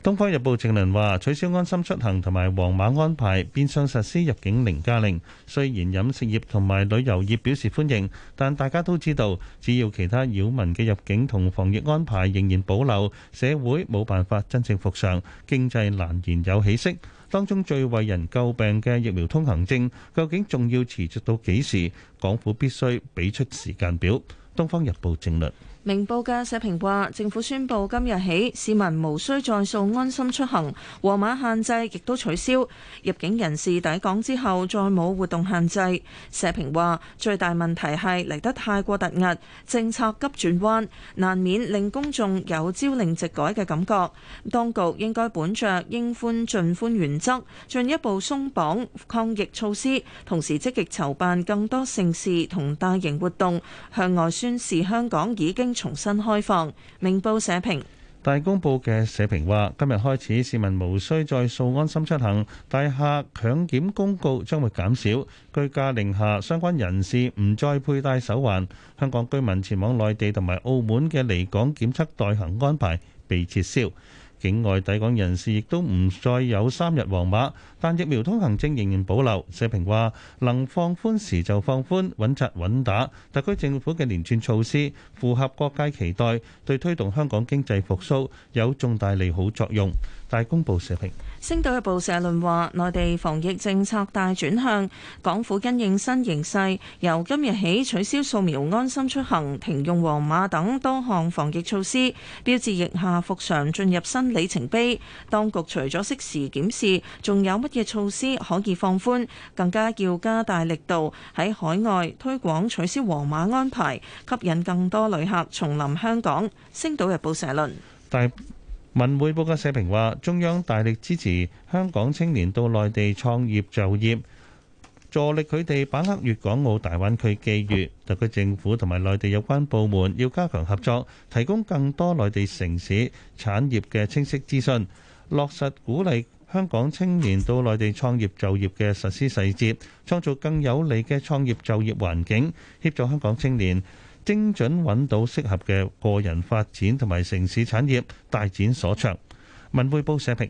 《東方日報》正論話：取消安心出行同埋黃碼安排，變相實施入境零加令。雖然飲食業同埋旅遊業表示歡迎，但大家都知道，只要其他擾民嘅入境同防疫安排仍然保留，社會冇辦法真正復常，經濟難言有起色。當中最為人詬病嘅疫苗通行證，究竟仲要持續到幾時？港府必須俾出時間表。《東方日報》正論。明報嘅社評話，政府宣布今日起市民無需再掃安心出行，黃碼限制亦都取消，入境人士抵港之後再冇活動限制。社評話，最大問題係嚟得太過突兀，政策急轉彎，難免令公眾有朝令夕改嘅感覺。當局應該本着應寬盡寬原則，進一步鬆綁抗疫措施，同時積極籌辦更多盛事同大型活動，向外宣示香港已經。重新開放，明報社評。大公報嘅社評話：今日開始，市民無需再掃安心出行，大廈強檢公告將會減少，居家令下相關人士唔再佩戴手環。香港居民前往內地同埋澳門嘅離港檢測代行安排被撤銷，境外抵港人士亦都唔再有三日黃碼。但疫苗通行證仍然保留。社評話：能放寬時就放寬，穩扎穩打。特區政府嘅連串措施符合各界期待，對推動香港經濟復甦有重大利好作用。大公報社評，《星島日報》社論話：內地防疫政策大轉向，港府因應新形勢，由今日起取消掃描安心出行、停用黃碼等多項防疫措施，標誌疫下復常進入新里程碑。當局除咗適時檢視，仲有，乜嘢措施可以放寬，更加要加大力度喺海外推廣取消黃碼安排，吸引更多旅客重臨香港。星島日報社論。大文匯報嘅社評話，中央大力支持香港青年到內地創業就業，助力佢哋把握粵港澳大灣區機遇。特區政府同埋內地有關部門要加強合作，提供更多內地城市產業嘅清晰資訊，落實鼓勵。香港青年到內地創業就業嘅實施細節，創造更有利嘅創業就業環境，協助香港青年精準揾到適合嘅個人發展同埋城市產業，大展所長。文匯報社評。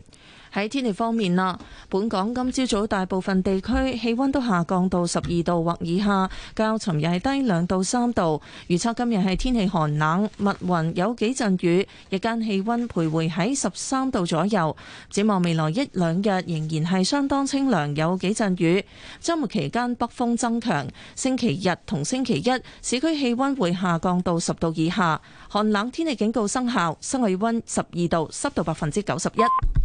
喺天氣方面啦，本港今朝早大部分地區氣溫都下降到十二度或以下，較尋日係低兩到三度。預測今日係天氣寒冷、密雲，有幾陣雨，日間氣溫徘徊喺十三度左右。展望未來一兩日仍然係相當清涼，有幾陣雨。週末期間北風增強，星期日同星期一市區氣溫會下降到十度以下，寒冷天氣警告生效，室外溫十二度，濕度百分之九十一。